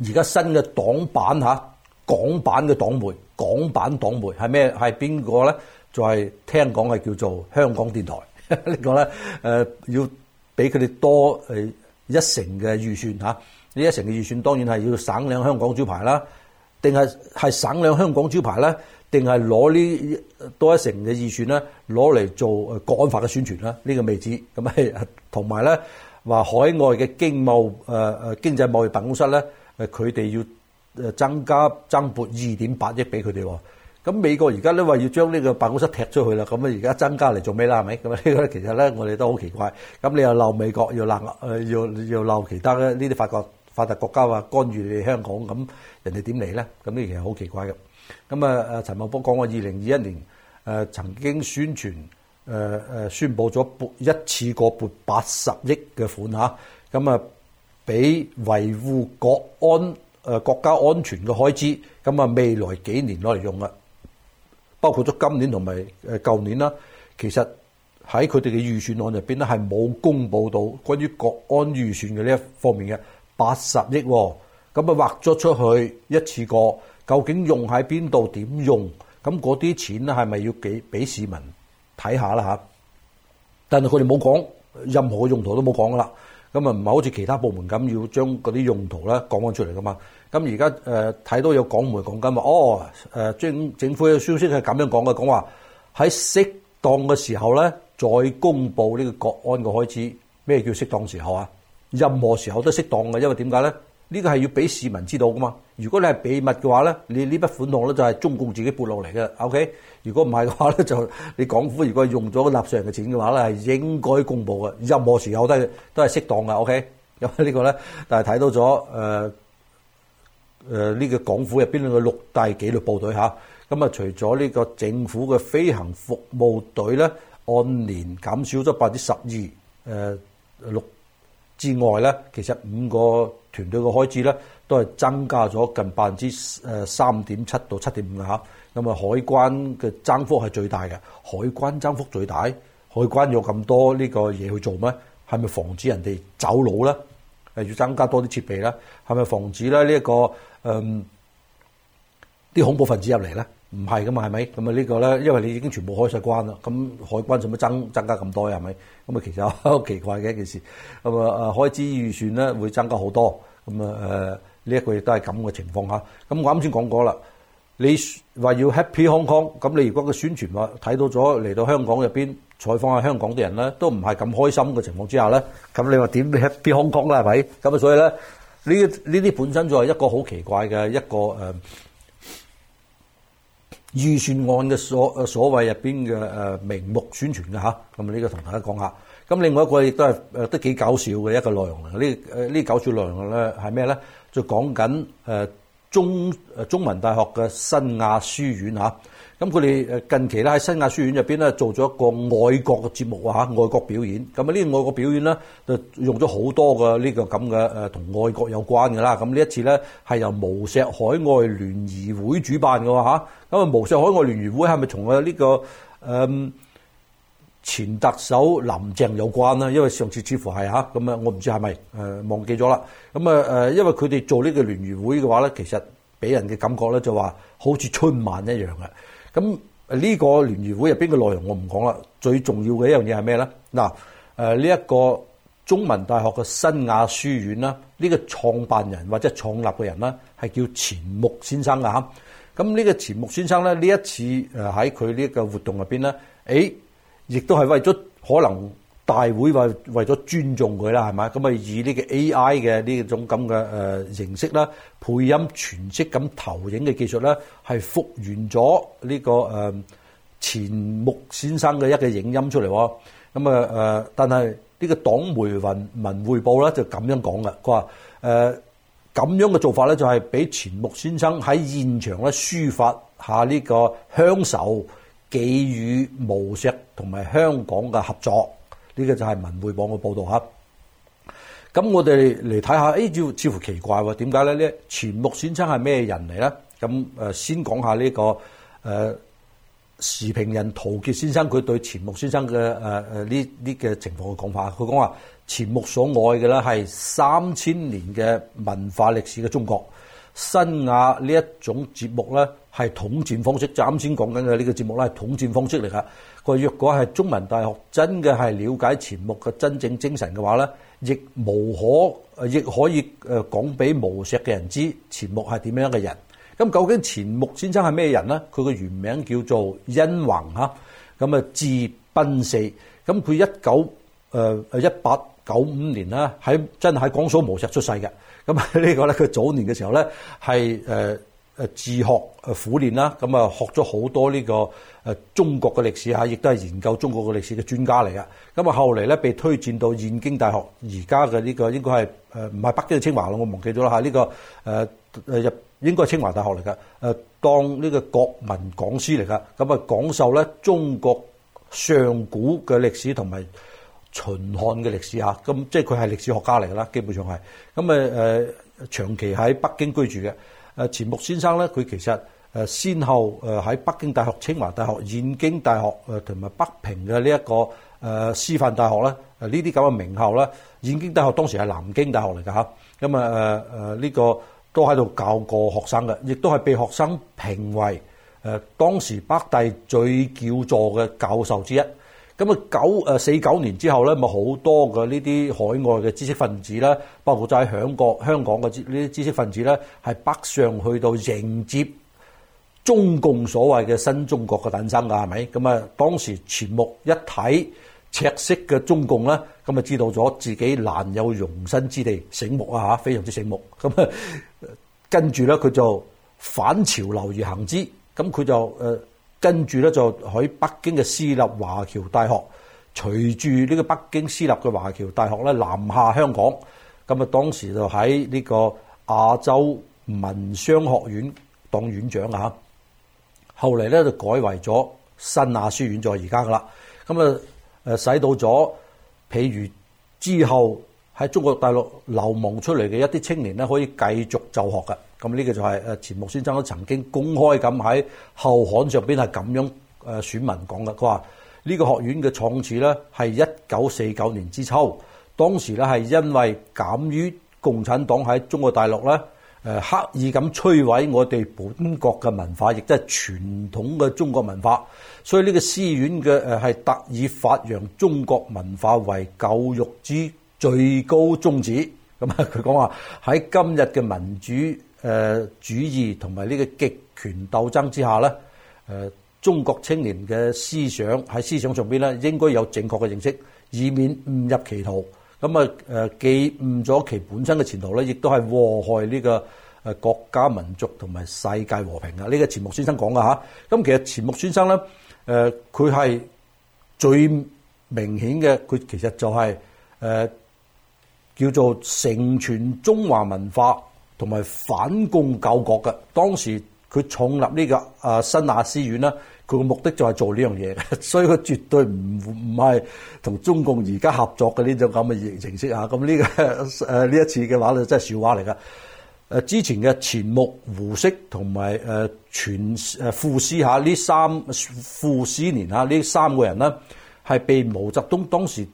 而家新嘅黨版嚇、啊、港版嘅黨媒，港版黨媒係咩？係邊個咧？就係、是、聽講係叫做香港電台。 呢個咧，誒、呃、要俾佢哋多誒一成嘅預算嚇。呢一成嘅預算，啊、預算當然係要省靚香港招牌啦。定係係省靚香港招牌啦？定係攞呢多一成嘅預算咧，攞、啊、嚟做國安法嘅宣傳啦？呢、啊這個未知。咁係同埋咧。話海外嘅經貿誒誒、呃、經濟貿易辦公室咧，誒佢哋要誒增加增撥二點八億俾佢哋喎。咁美國而家都話要將呢個辦公室踢出去啦。咁啊，而家增加嚟做咩啦？係咪？咁啊，呢個其實咧，我哋都好奇怪。咁你又鬧美國，又鬧誒，又又鬧其他咧？呢啲發國發達國家話干預你香港，咁人哋點嚟咧？咁呢其實好奇怪嘅。咁啊、呃，陳茂波講過二零二一年誒、呃、曾經宣傳。誒誒，宣布咗撥一次過撥八十億嘅款吓，咁啊，俾維護國安誒國家安全嘅開支，咁啊，未來幾年攞嚟用啊，包括咗今年同埋誒舊年啦。其實喺佢哋嘅預算案入邊咧，係冇公布到關於國安預算嘅呢一方面嘅八十億，咁啊劃咗出去一次過，究竟用喺邊度？點用？咁嗰啲錢咧係咪要給俾市民？睇下啦吓，但係佢哋冇講任何用途都冇講噶啦，咁啊唔係好似其他部門咁要將嗰啲用途咧講翻出嚟噶嘛？咁而家誒睇到有港媒講緊話，哦誒，政政府嘅消息係咁樣講嘅，講話喺適當嘅時候咧再公布呢個國安嘅開支。咩叫適當時候啊？任何時候都適當嘅，因為點解咧？呢個係要俾市民知道噶嘛？如果你係秘密嘅話咧，你呢筆款項咧就係中共自己撥落嚟嘅。OK，如果唔係嘅話咧，就你港府如果係用咗納稅人嘅錢嘅話咧，係應該公佈嘅。任何時候都係都係適當嘅。OK，因為呢個咧，但係睇到咗誒誒呢個港府入邊嘅六大紀律部隊吓，咁啊、嗯、除咗呢個政府嘅飛行服務隊咧，按年減少咗百分之十二誒六之外咧，其實五個。團隊嘅開支咧都係增加咗近百分之誒三點七到七點五嘅嚇。咁啊海關嘅增幅係最大嘅，海關增幅最大，海關有咁多呢個嘢去做咩？係咪防止人哋走佬咧？係要增加多啲設備咧？係咪防止咧呢一個啲、嗯、恐怖分子入嚟咧？唔係噶嘛，係咪？咁啊呢個咧，因為你已經全部開晒關啦，咁海關做乜增增加咁多呀？係咪？咁啊，其實好奇怪嘅一件事。咁啊啊，開支預算咧會增加好多。咁啊誒，呢一個亦都係咁嘅情況下。咁我啱先講過啦，你話要 Happy Hong Kong，咁你如果個宣傳話睇到咗嚟到香港入邊採訪下香港嘅人咧，都唔係咁開心嘅情況之下咧，咁你話點 Happy Hong Kong 啦，係咪？咁啊所以咧，呢呢啲本身就係一個好奇怪嘅一個誒。預算案嘅所所謂入邊嘅誒名目宣傳嘅吓，咁啊呢個同大家講下。咁另外一個亦都係誒都幾搞笑嘅一個內容嚟。呢誒呢搞笑內容咧係咩咧？就講緊誒中誒中文大學嘅新亞書院吓。咁佢哋近期咧喺新亞書院入邊咧做咗一個愛國嘅節目啊，愛國表演。咁啊呢個愛國表演咧就用咗好多嘅呢個咁嘅同愛國有關嘅啦。咁呢一次咧係由無錫海外聯誼會主辦嘅嚇。咁啊無錫海外聯誼會係咪同啊呢個誒、嗯、前特首林鄭有關咧？因為上次似乎係嚇，咁啊我唔知係咪、呃、忘記咗啦。咁啊、呃、因為佢哋做呢個聯誼會嘅話咧，其實俾人嘅感覺咧就話好似春晚一樣嘅。咁、誒、呢個聯誼會入邊嘅內容我唔講啦，最重要嘅一樣嘢係咩咧？嗱，呢一個中文大學嘅新亞書院啦，呢、這個創辦人或者創立嘅人呢，係叫錢穆先生呀。嚇。咁呢個錢穆先生咧，呢一次喺佢呢個活動入邊咧，誒亦都係為咗可能。大會為為咗尊重佢啦，係咪？咁啊？以呢個 A.I. 嘅呢種咁嘅誒形式啦，配音全息咁投影嘅技術咧，係復原咗呢、這個誒、呃、錢穆先生嘅一個影音出嚟。咁啊誒，但係呢個黨媒文《文文匯報》呢咧就咁樣講嘅。佢話誒咁樣嘅做法咧，就係、是、俾錢穆先生喺現場咧抒發下呢、這個鄉愁，寄語，無錫同埋香港嘅合作。呢、這個就係文匯網嘅報道吓，咁我哋嚟睇下，誒、哎，照似乎奇怪喎，點解咧？呢錢穆先生係咩人嚟咧？咁誒，先講下呢、這個誒、呃、時評人陶傑先生佢對錢穆先生嘅誒誒呢呢嘅情況嘅講法，佢講話錢穆所愛嘅咧係三千年嘅文化歷史嘅中國。新亞呢一種節目咧，係統戰方式，就啱先講緊嘅呢個節目咧，係統戰方式嚟噶。佢若果係中文大學真嘅係了解錢穆嘅真正精神嘅話咧，亦無可，亦可以講俾無錫嘅人知錢穆係點樣嘅人。咁究竟錢穆先生係咩人咧？佢嘅原名叫做恩鑅吓，咁啊字賓四。咁佢一九誒一八九五年啦，喺真係喺江蘇無錫出世嘅。咁啊呢個咧，佢早年嘅時候咧係誒誒自學誒苦練啦，咁啊學咗好多呢個誒中國嘅歷史吓，亦都係研究中國嘅歷史嘅專家嚟噶。咁啊，後嚟咧被推薦到燕京大學，而家嘅呢個應該係誒唔係北京嘅清華咯，我忘記咗啦吓，呢個誒誒入應該係清華大學嚟噶，誒當呢個國民講師嚟噶，咁啊講授咧中國上古嘅歷史同埋。秦漢嘅歷史啊，咁即係佢係歷史學家嚟㗎啦，基本上係咁誒誒長期喺北京居住嘅誒錢穆先生咧，佢其實誒先後誒喺北京大學、清華大學、燕京大學誒同埋北平嘅呢一個誒師範大學咧誒呢啲咁嘅名校咧，燕京大學當時係南京大學嚟㗎嚇，咁啊誒誒呢個都喺度教過學生嘅，亦都係被學生評為誒當時北大最叫座嘅教授之一。咁啊，九誒四九年之後咧，咪好多嘅呢啲海外嘅知識分子咧，包括就喺香港嘅知呢啲知識分子咧，係北上去到迎接中共所謂嘅新中國嘅誕生㗎，係咪？咁啊，當時全目一睇赤色嘅中共咧，咁啊知道咗自己難有容身之地，醒目啊嚇，非常之醒目。咁啊，跟住咧佢就反潮流而行之，咁佢就誒。跟住咧就喺北京嘅私立華僑大學，隨住呢個北京私立嘅華僑大學咧南下香港，咁啊當時就喺呢個亞洲文商學院當院長啊嚇，後嚟咧就改為咗新亞書院，就是、在而家噶啦，咁啊誒使到咗譬如之後喺中國大陸流亡出嚟嘅一啲青年咧，可以繼續就學㗎。咁呢個就係誒錢穆先生都曾經公開咁喺後刊上面係咁樣選民講噶，佢話呢個學院嘅創始咧係一九四九年之秋，當時咧係因為感於共產黨喺中國大陸咧誒刻意咁摧毀我哋本國嘅文化，亦都係傳統嘅中國文化，所以呢個書院嘅係特以發揚中國文化為教育之最高宗旨。咁啊，佢講話喺今日嘅民主。誒、呃，主義同埋呢個極權鬥爭之下咧，誒、呃、中國青年嘅思想喺思想上邊咧，應該有正確嘅認識，以免誤入歧途，咁啊誒，既誤咗其本身嘅前途咧，亦都係禍害呢個誒國家民族同埋世界和平啊！呢、嗯、個錢穆先生講嘅嚇，咁、嗯、其實錢穆先生咧，誒佢係最明顯嘅，佢其實就係、是、誒、呃、叫做成全中華文化。同埋反共救國嘅，當時佢創立呢、這個啊新亞斯院咧，佢個目的就係做呢樣嘢，所以佢絕對唔唔係同中共而家合作嘅呢種咁嘅形形式嚇。咁、啊、呢、這個呢、啊、一次嘅話咧，真係笑話嚟㗎、啊。之前嘅錢穆胡適同埋誒全誒傅斯呢三傅斯年吓、啊、呢三個人呢係被毛澤東當時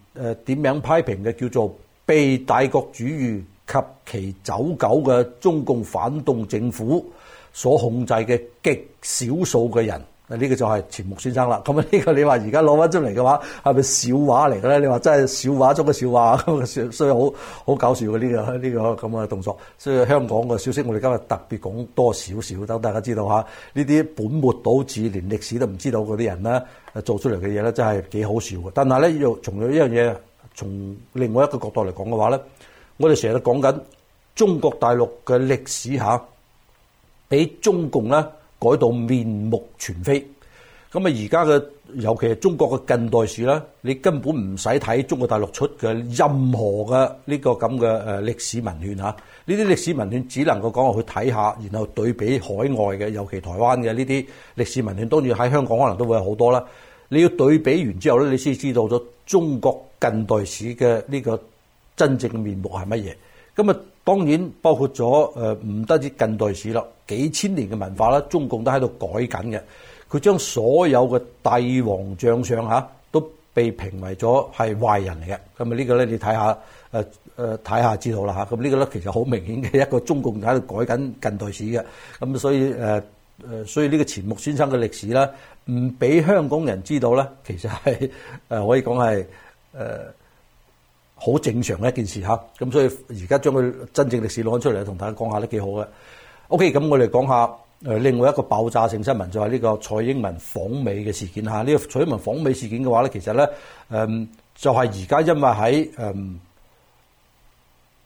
點名、啊、批評嘅，叫做被大國主義。及其走狗嘅中共反動政府所控制嘅極少數嘅人，呢個就係錢穆先生啦。咁啊呢個你話而家攞翻出嚟嘅話，係咪笑話嚟嘅咧？你話真係笑話中嘅笑話，所以好好搞笑嘅呢個呢個咁嘅動作。所以香港嘅消息，我哋今日特別講多少少，等大家知道吓，呢啲本末倒置、連歷史都唔知道嗰啲人咧，做出嚟嘅嘢咧，真係幾好笑嘅。但係咧，要從呢一樣嘢，從另外一個角度嚟講嘅話咧。我哋成日都講緊中國大陸嘅歷史，下俾中共咧改到面目全非。咁啊，而家嘅尤其係中國嘅近代史啦，你根本唔使睇中國大陸出嘅任何嘅呢個咁嘅誒歷史文獻嚇。呢啲歷史文獻只能夠講下去睇下，然後對比海外嘅，尤其台灣嘅呢啲歷史文獻，當然喺香港可能都會有好多啦。你要對比完之後咧，你先知道咗中國近代史嘅呢個。真正嘅面目係乜嘢？咁啊，當然包括咗誒，唔、呃、得止近代史啦，幾千年嘅文化啦，中共都喺度改緊嘅。佢將所有嘅帝王將相嚇都被評為咗係壞人嚟嘅。咁啊，呢個咧你睇下誒誒睇下知道啦嚇。咁呢個咧其實好明顯嘅一個中共就喺度改緊近代史嘅。咁所以誒誒、呃，所以呢個錢穆先生嘅歷史咧，唔俾香港人知道咧，其實係誒可以講係誒。呃好正常嘅一件事吓，咁所以而家將佢真正歷史攞出嚟同大家講下都幾好嘅。O K，咁我哋講下誒，另外一個爆炸性新聞就係呢個蔡英文訪美嘅事件吓。呢個蔡英文訪美事件嘅話咧，其實咧，誒，就係而家因為喺誒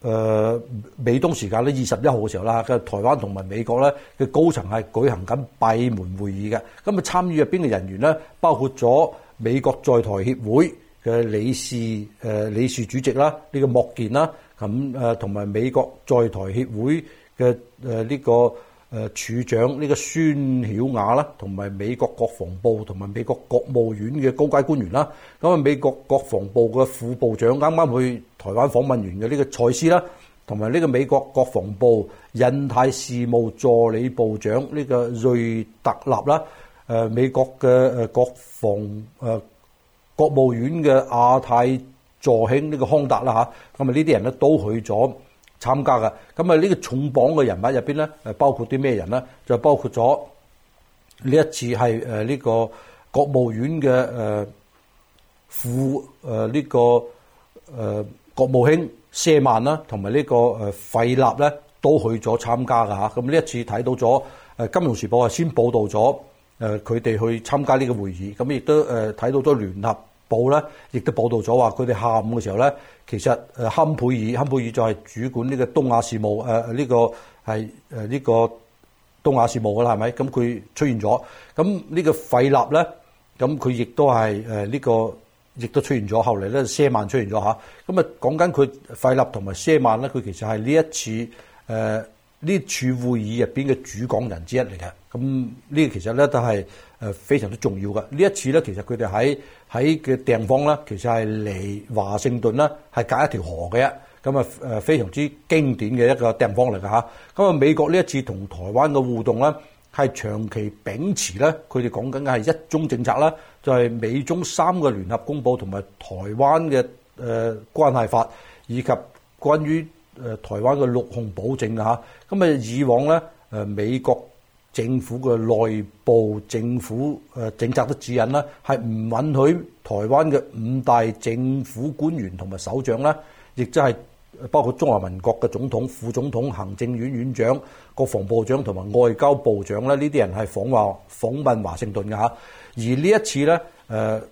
誒，美東時間咧二十一號嘅時候啦，嘅台灣同埋美國咧嘅高層係舉行緊閉門會議嘅。咁啊，參與入邊嘅人員咧，包括咗美國在台協會。嘅理事，誒、呃、理事主席啦，呢、這個莫健啦，咁誒同埋美國在台協會嘅誒呢個誒、啊、處長，呢、這個孫曉雅啦，同埋美國國防部同埋美國國務院嘅高階官員啦，咁啊美國國防部嘅副部長啱啱去台灣訪問完嘅呢個蔡斯啦，同埋呢個美國國防部印太事務助理部長呢、這個瑞特納啦，誒、啊、美國嘅誒、呃、國防誒。呃國務院嘅亞太助興呢、這個康達啦嚇，咁啊呢啲人咧都去咗參加嘅。咁啊呢、這個重磅嘅人物入邊咧，誒包括啲咩人咧？就包括咗呢一次係誒呢個國務院嘅誒、啊、副誒呢、啊這個誒、啊、國務卿謝曼啦，同埋呢個誒費、啊、立咧、啊、都去咗參加嘅嚇。咁、啊、呢一次睇到咗誒、啊《金融時報》啊，先報導咗誒佢哋去參加呢個會議，咁、啊、亦都誒睇、啊、到咗聯合。報咧，亦都報道咗話，佢哋下午嘅時候咧，其實坎佩爾，坎佩爾就係主管呢個東亞事務呢、呃這個係呢、呃這個東亞事務噶啦，係咪？咁佢出現咗，咁呢、呃這個費立咧，咁佢亦都係呢個亦都出現咗，後嚟咧謝曼出現咗下，咁啊講緊佢費立同埋謝曼咧，佢其實係呢一次呢、呃、次會議入面嘅主講人之一嚟嘅。咁呢，其實咧都係非常之重要嘅。呢一次咧，其實佢哋喺喺嘅地方咧，其實係嚟華盛頓啦，係隔一條河嘅。咁啊非常之經典嘅一個地方嚟㗎。咁啊，美國呢一次同台灣嘅互動咧，係長期秉持咧，佢哋講緊嘅係一中政策啦，就係、是、美中三個聯合公佈同埋台灣嘅誒關係法，以及關於台灣嘅六項保證㗎。咁啊，以往咧美國政府嘅內部政府誒政策嘅指引呢，係唔允許台灣嘅五大政府官員同埋首長咧，亦即係包括中華民國嘅總統、副總統、行政院院長、國防部長同埋外交部長咧，呢啲人係訪華訪問華盛頓嘅嚇。而呢一次咧，誒、呃、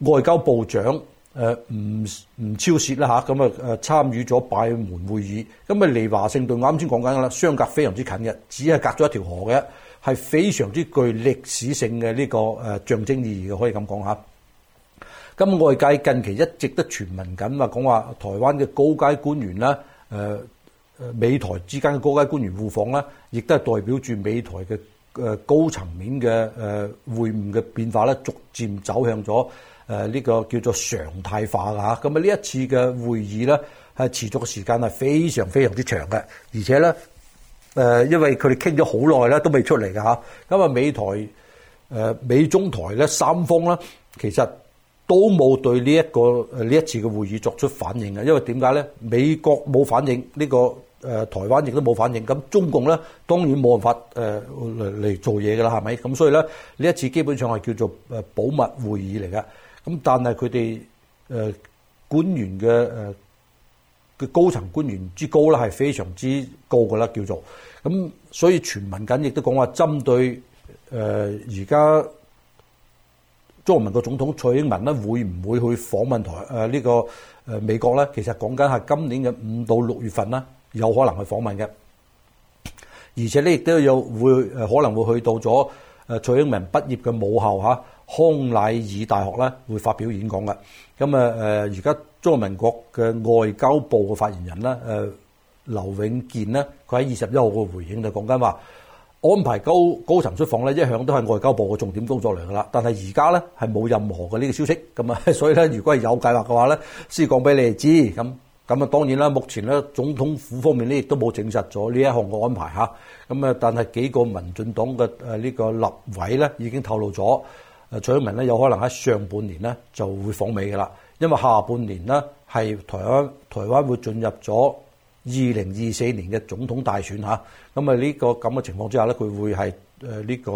外交部長。誒唔唔超蝕啦嚇，咁啊參與咗拜門會議，咁咪離華盛頓，我啱先講緊啦，相隔非常之近嘅，只係隔咗一條河嘅，係非常之具歷史性嘅呢個象徵意義嘅，可以咁講下，咁、啊啊、外界近期一直都傳聞緊話講話台灣嘅高階官員啦，誒、啊、美台之間嘅高階官員互訪啦，亦都係代表住美台嘅、啊、高層面嘅誒、啊、會晤嘅變化咧，逐漸走向咗。誒、啊、呢、這個叫做常態化嘅嚇，咁啊呢一次嘅會議咧係持續嘅時間係非常非常之長嘅，而且咧誒、啊、因為佢哋傾咗好耐咧都未出嚟嘅嚇，咁啊美台誒、啊、美中台咧三方咧其實都冇對呢、這、一個誒呢、啊、一次嘅會議作出反應嘅，因為點解咧？美國冇反應，呢、這個誒、啊、台灣亦都冇反應，咁、啊、中共咧當然冇辦法誒嚟嚟做嘢嘅啦，係咪？咁、啊、所以咧呢這一次基本上係叫做誒、啊、保密會議嚟嘅。咁但係佢哋，誒官員嘅誒嘅高層官員之高咧，係非常之高嘅啦，叫做咁。所以傳聞緊亦都講話，針對誒而家中華民國總統蔡英文咧，會唔會去訪問台誒呢個美國咧？其實講緊係今年嘅五到六月份啦，有可能去訪問嘅。而且呢亦都有會可能會去到咗誒蔡英文畢業嘅母校嚇。康乃爾大學咧會發表演講嘅。咁啊誒而家中國民國嘅外交部嘅發言人咧，誒劉永健呢佢喺二十一號嘅回應就講緊話，安排高高層出訪咧一向都係外交部嘅重點工作嚟噶啦，但係而家咧係冇任何嘅呢個消息，咁啊所以咧如果係有計劃嘅話咧，先講俾你哋知，咁咁啊當然啦，目前咧總統府方面咧亦都冇證實咗呢一項嘅安排嚇，咁啊但係幾個民進黨嘅誒呢個立委咧已經透露咗。蔡英文咧有可能喺上半年咧就會訪美嘅啦，因為下半年呢，係台灣，台灣會進入咗二零二四年嘅總統大選吓，咁啊呢個咁嘅情況之下咧、這個，佢會係誒呢個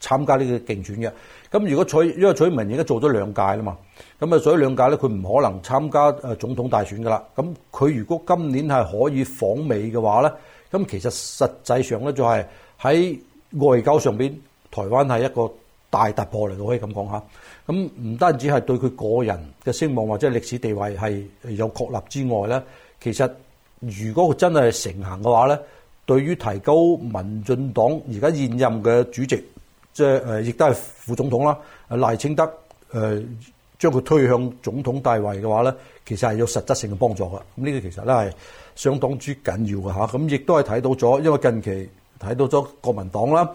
參加呢個競選嘅。咁如果蔡因為蔡英文而家做咗兩屆啦嘛，咁啊所以兩屆咧佢唔可能參加誒總統大選嘅啦。咁佢如果今年係可以訪美嘅話咧，咁其實實際上咧就係喺外交上邊，台灣係一個。大突破嚟，我可以咁講嚇。咁唔單止係對佢個人嘅聲望或者歷史地位係有確立之外咧，其實如果佢真係成行嘅話咧，對於提高民進黨而家現任嘅主席，即係呃、亦都係副總統啦，賴清德、呃、將佢推向總統大位嘅話咧，其實係有實質性嘅幫助嘅。咁呢個其實咧係相當之緊要嘅嚇。咁亦都係睇到咗，因為近期睇到咗國民黨啦。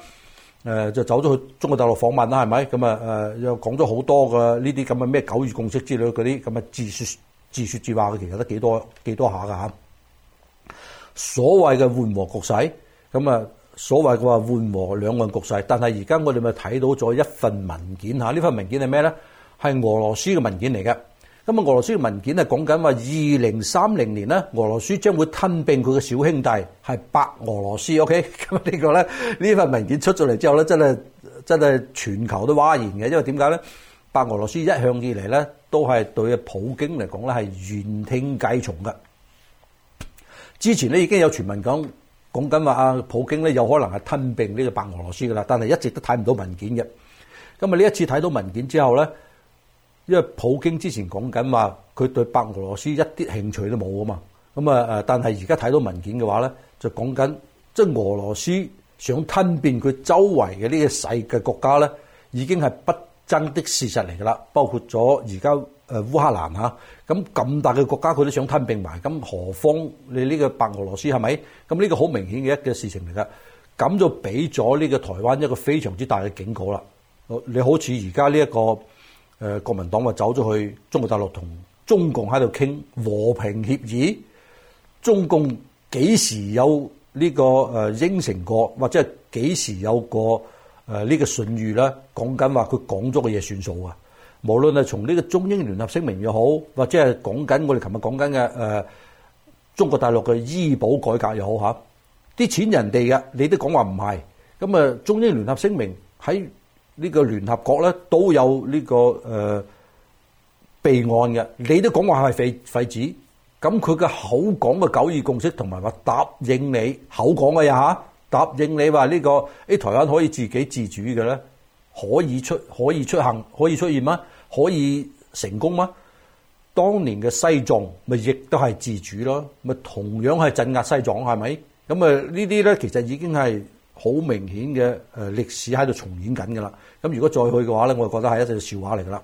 誒就走咗去中國大陸訪問啦，係咪？咁啊誒又講咗好多嘅呢啲咁嘅咩九二共識之類嗰啲咁嘅自説自説自話嘅，其實得幾多幾多下噶嚇？所謂嘅緩和局勢，咁啊所謂嘅話緩和兩岸局勢，但係而家我哋咪睇到咗一份文件嚇，呢份文件係咩咧？係俄羅斯嘅文件嚟嘅。咁啊，俄羅斯嘅文件啊，講緊話二零三零年咧，俄羅斯將會吞並佢嘅小兄弟係白俄羅斯，OK？咁啊，呢個咧呢份文件出咗嚟之後咧，真係真係全球都嘩然嘅，因為點解咧？白俄羅斯一向以嚟咧都係對普京嚟講咧係言聽計從㗎。之前咧已經有傳聞講講緊話啊普京咧有可能係吞並呢個白俄羅斯噶啦，但係一直都睇唔到文件嘅。咁啊呢一次睇到文件之後咧。因為普京之前講緊話，佢對白俄羅斯一啲興趣都冇啊嘛。咁啊誒，但係而家睇到文件嘅話咧，就講緊即係俄羅斯想吞並佢周圍嘅呢個細嘅國家咧，已經係不爭的事實嚟噶啦。包括咗而家誒烏克蘭嚇，咁咁大嘅國家佢都想吞並埋，咁何況你呢個白俄羅斯係咪？咁呢個好明顯嘅一嘅事情嚟噶，咁就俾咗呢個台灣一個非常之大嘅警告啦。你好似而家呢一個。誒，國民黨就走咗去中國大陸同中共喺度傾和平協議，中共幾時有呢個誒應承過，或者係幾時有過誒呢個信譽咧？講緊話佢講咗嘅嘢算數啊！無論係從呢個中英聯合聲明又好，或者係講緊我哋琴日講緊嘅誒中國大陸嘅醫保改革又好吓，啲錢人哋嘅，你都講話唔係，咁啊中英聯合聲明喺。呢個聯合國咧都有呢個誒備案嘅，你都講話係廢廢紙，咁佢嘅口講嘅九二共識同埋話答應你口講嘅嘢嚇，答應你話呢個誒台灣可以自己自主嘅咧，可以出可以出，可以出行可以出現嗎？可以成功嗎？當年嘅西藏咪亦都係自主咯，咪同樣係鎮壓西藏係咪？咁啊呢啲咧其實已經係。好明顯嘅誒歷史喺度重演緊㗎啦，咁如果再去嘅話咧，我就覺得係一隻笑話嚟㗎啦。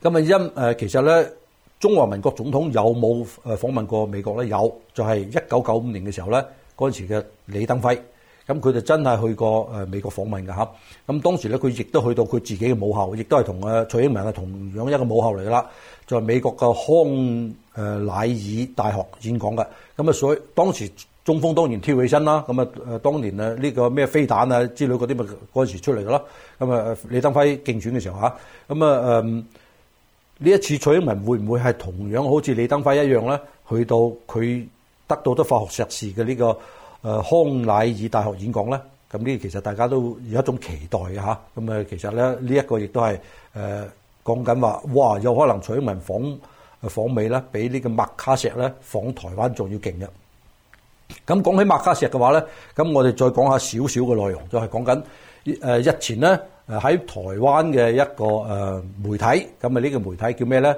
咁啊，因誒其實咧，中華民國總統有冇誒訪問過美國咧？有，就係一九九五年嘅時候咧，嗰陣時嘅李登輝，咁佢就真係去過誒美國訪問㗎吓。咁當時咧，佢亦都去到佢自己嘅母校，亦都係同啊蔡英文啊同樣一個母校嚟㗎啦，在、就係、美國嘅康誒乃爾大學演講嘅。咁啊，所以當時。中鋒當然跳起身啦，咁啊誒，當年啊呢個咩飛彈啊之類嗰啲咪嗰陣時出嚟噶咯，咁啊李登輝競選嘅時候嚇，咁啊誒呢、嗯、一次蔡英文會唔會係同樣好似李登輝一樣咧，去到佢得到咗法學碩士嘅呢個誒康乃爾大學演講咧？咁呢其實大家都有一種期待嘅嚇，咁啊其實咧呢一、這個亦都係誒講緊話，哇有可能蔡英文訪訪美咧，比呢個麥卡錫咧訪台灣仲要勁嘅。咁講起麥卡錫嘅話咧，咁我哋再講下少少嘅內容，就係講緊日前咧喺台灣嘅一個媒體，咁啊呢個媒體叫咩咧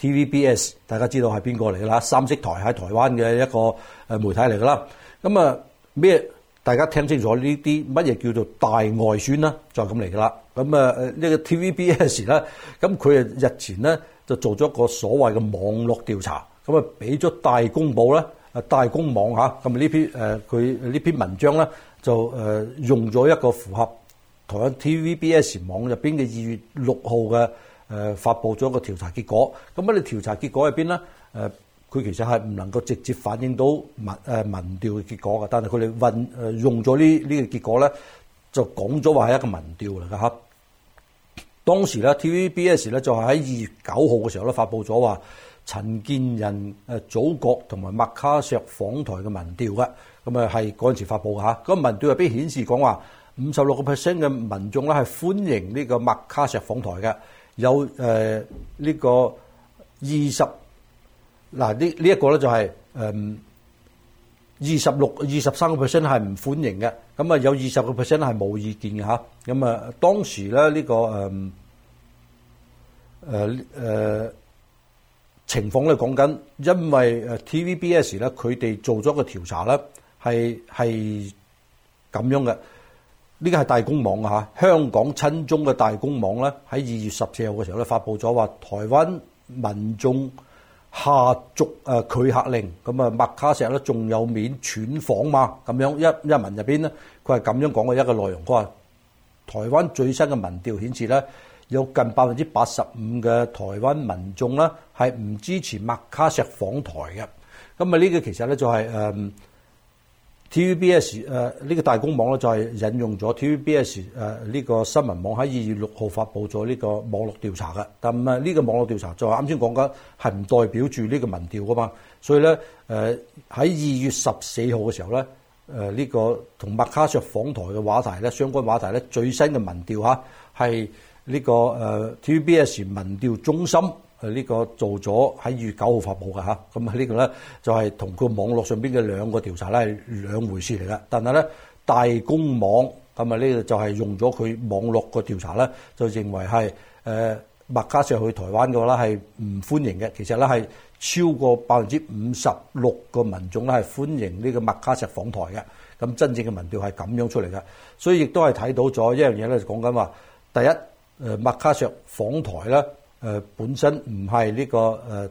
？TVBS，大家知道係邊個嚟噶啦？三色台喺台灣嘅一個媒體嚟噶啦。咁啊咩？大家聽清楚呢啲乜嘢叫做大外宣啦，就係咁嚟噶啦。咁啊呢個 TVBS 咧，咁佢日前咧就做咗一個所謂嘅網絡調查，咁啊俾咗大公佈咧。誒大公網嚇，咁呢篇誒佢呢篇文章咧就誒用咗一個符合台灣 TVBS 網入邊嘅二月六號嘅誒發布咗一個調查結果。咁啊，你調查結果入邊咧誒，佢其實係唔能夠直接反映到民誒民調嘅、呃、結果嘅，但係佢哋運誒用咗呢呢個結果咧，就講咗話係一個民調嚟嘅嚇。當時咧 TVBS 咧就係喺二月九號嘅時候咧發布咗話。陳建仁誒祖國同埋麥卡錫訪台嘅民調嘅，咁啊係嗰陣時發布嚇。嗰、那個民調入邊顯示講話，五十六個 percent 嘅民眾咧係歡迎呢個麥卡錫訪台嘅，有誒呢、呃這個二十嗱呢呢一個咧就係誒二十六二十三個 percent 係唔歡迎嘅，咁、呃、啊有二十個 percent 係冇意見嘅嚇。咁、呃、啊當時咧呢、這個誒誒。呃呃情況咧講緊，因為 TVBS 咧，佢哋做咗個調查咧，係係咁樣嘅。呢個係大公網啊，香港親中嘅大公網咧，喺二月十四號嘅時候咧，發布咗話，台灣民眾下逐誒拒客令，咁啊麥卡石咧仲有面喘訪嘛？咁樣一一文入面咧，佢係咁樣講嘅一個內容。佢話台灣最新嘅民調顯示咧。有近百分之八十五嘅台灣民眾咧係唔支持麥卡錫訪台嘅，咁啊呢個其實咧就係誒 TVBS 誒呢個大公網咧就係引用咗 TVBS 誒呢個新聞網喺二月六號發布咗呢個網絡調查嘅，但係呢個網絡調查就係啱先講緊係唔代表住呢個民調噶嘛，所以咧誒喺二月十四號嘅時候咧誒呢個同麥卡錫訪台嘅話題咧相關話題咧最新嘅民調吓係。呢、這個誒 TVBS 民調中心誒呢個做咗喺二月九號發布嘅嚇，咁喺呢個咧就係同個網絡上邊嘅兩個調查咧係兩回事嚟嘅。但係咧大公網咁啊呢個就係用咗佢網絡個調查咧，就認為係誒麥卡錫去台灣嘅話咧係唔歡迎嘅。其實咧係超過百分之五十六個民眾咧係歡迎呢個麥卡錫訪台嘅。咁真正嘅民調係咁樣出嚟嘅，所以亦都係睇到咗一樣嘢咧，就講緊話第一。誒麥卡錫訪台咧，誒本身唔係呢個誒、呃、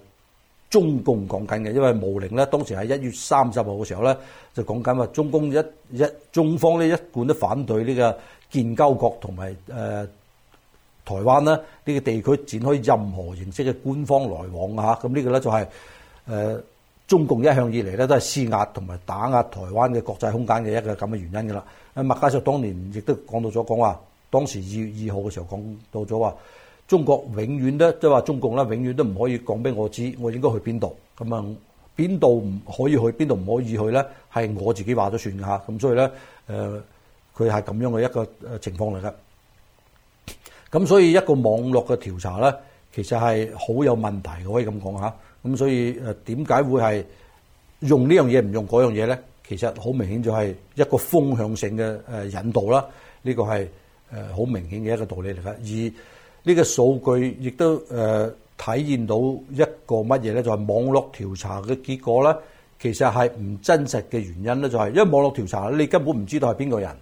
中共講緊嘅，因為毛寧呢當時喺一月三十號嘅時候咧，就講緊話中共一一中方咧一貫都反對呢個建交國同埋誒台灣呢呢個地區展開任何形式嘅官方來往啊！咁呢個咧就係、是、誒、呃、中共一向以嚟咧都係施壓同埋打壓台灣嘅國際空間嘅一個咁嘅原因㗎啦。阿麥卡錫當年亦都講到咗講話。當時二月二號嘅時候講到咗話，中國永遠咧即係話中共咧，永遠都唔可以講俾我知，我應該去邊度咁啊？邊度唔可以去？邊度唔可以去咧？係我自己話咗算嘅嚇。咁所以咧，誒、呃，佢係咁樣嘅一個情況嚟嘅。咁所以一個網絡嘅調查咧，其實係好有問題，我可以咁講嚇。咁所以誒，點解會係用，這不用那呢樣嘢唔用嗰樣嘢咧？其實好明顯就係一個風向性嘅誒引導啦。呢、這個係。誒、呃、好明顯嘅一個道理嚟㗎，而呢個數據亦都誒、呃、體現到一個乜嘢咧？就係、是、網絡調查嘅結果咧，其實係唔真實嘅原因咧，就係、是、因為網絡調查你根本唔知道係邊個人，誒、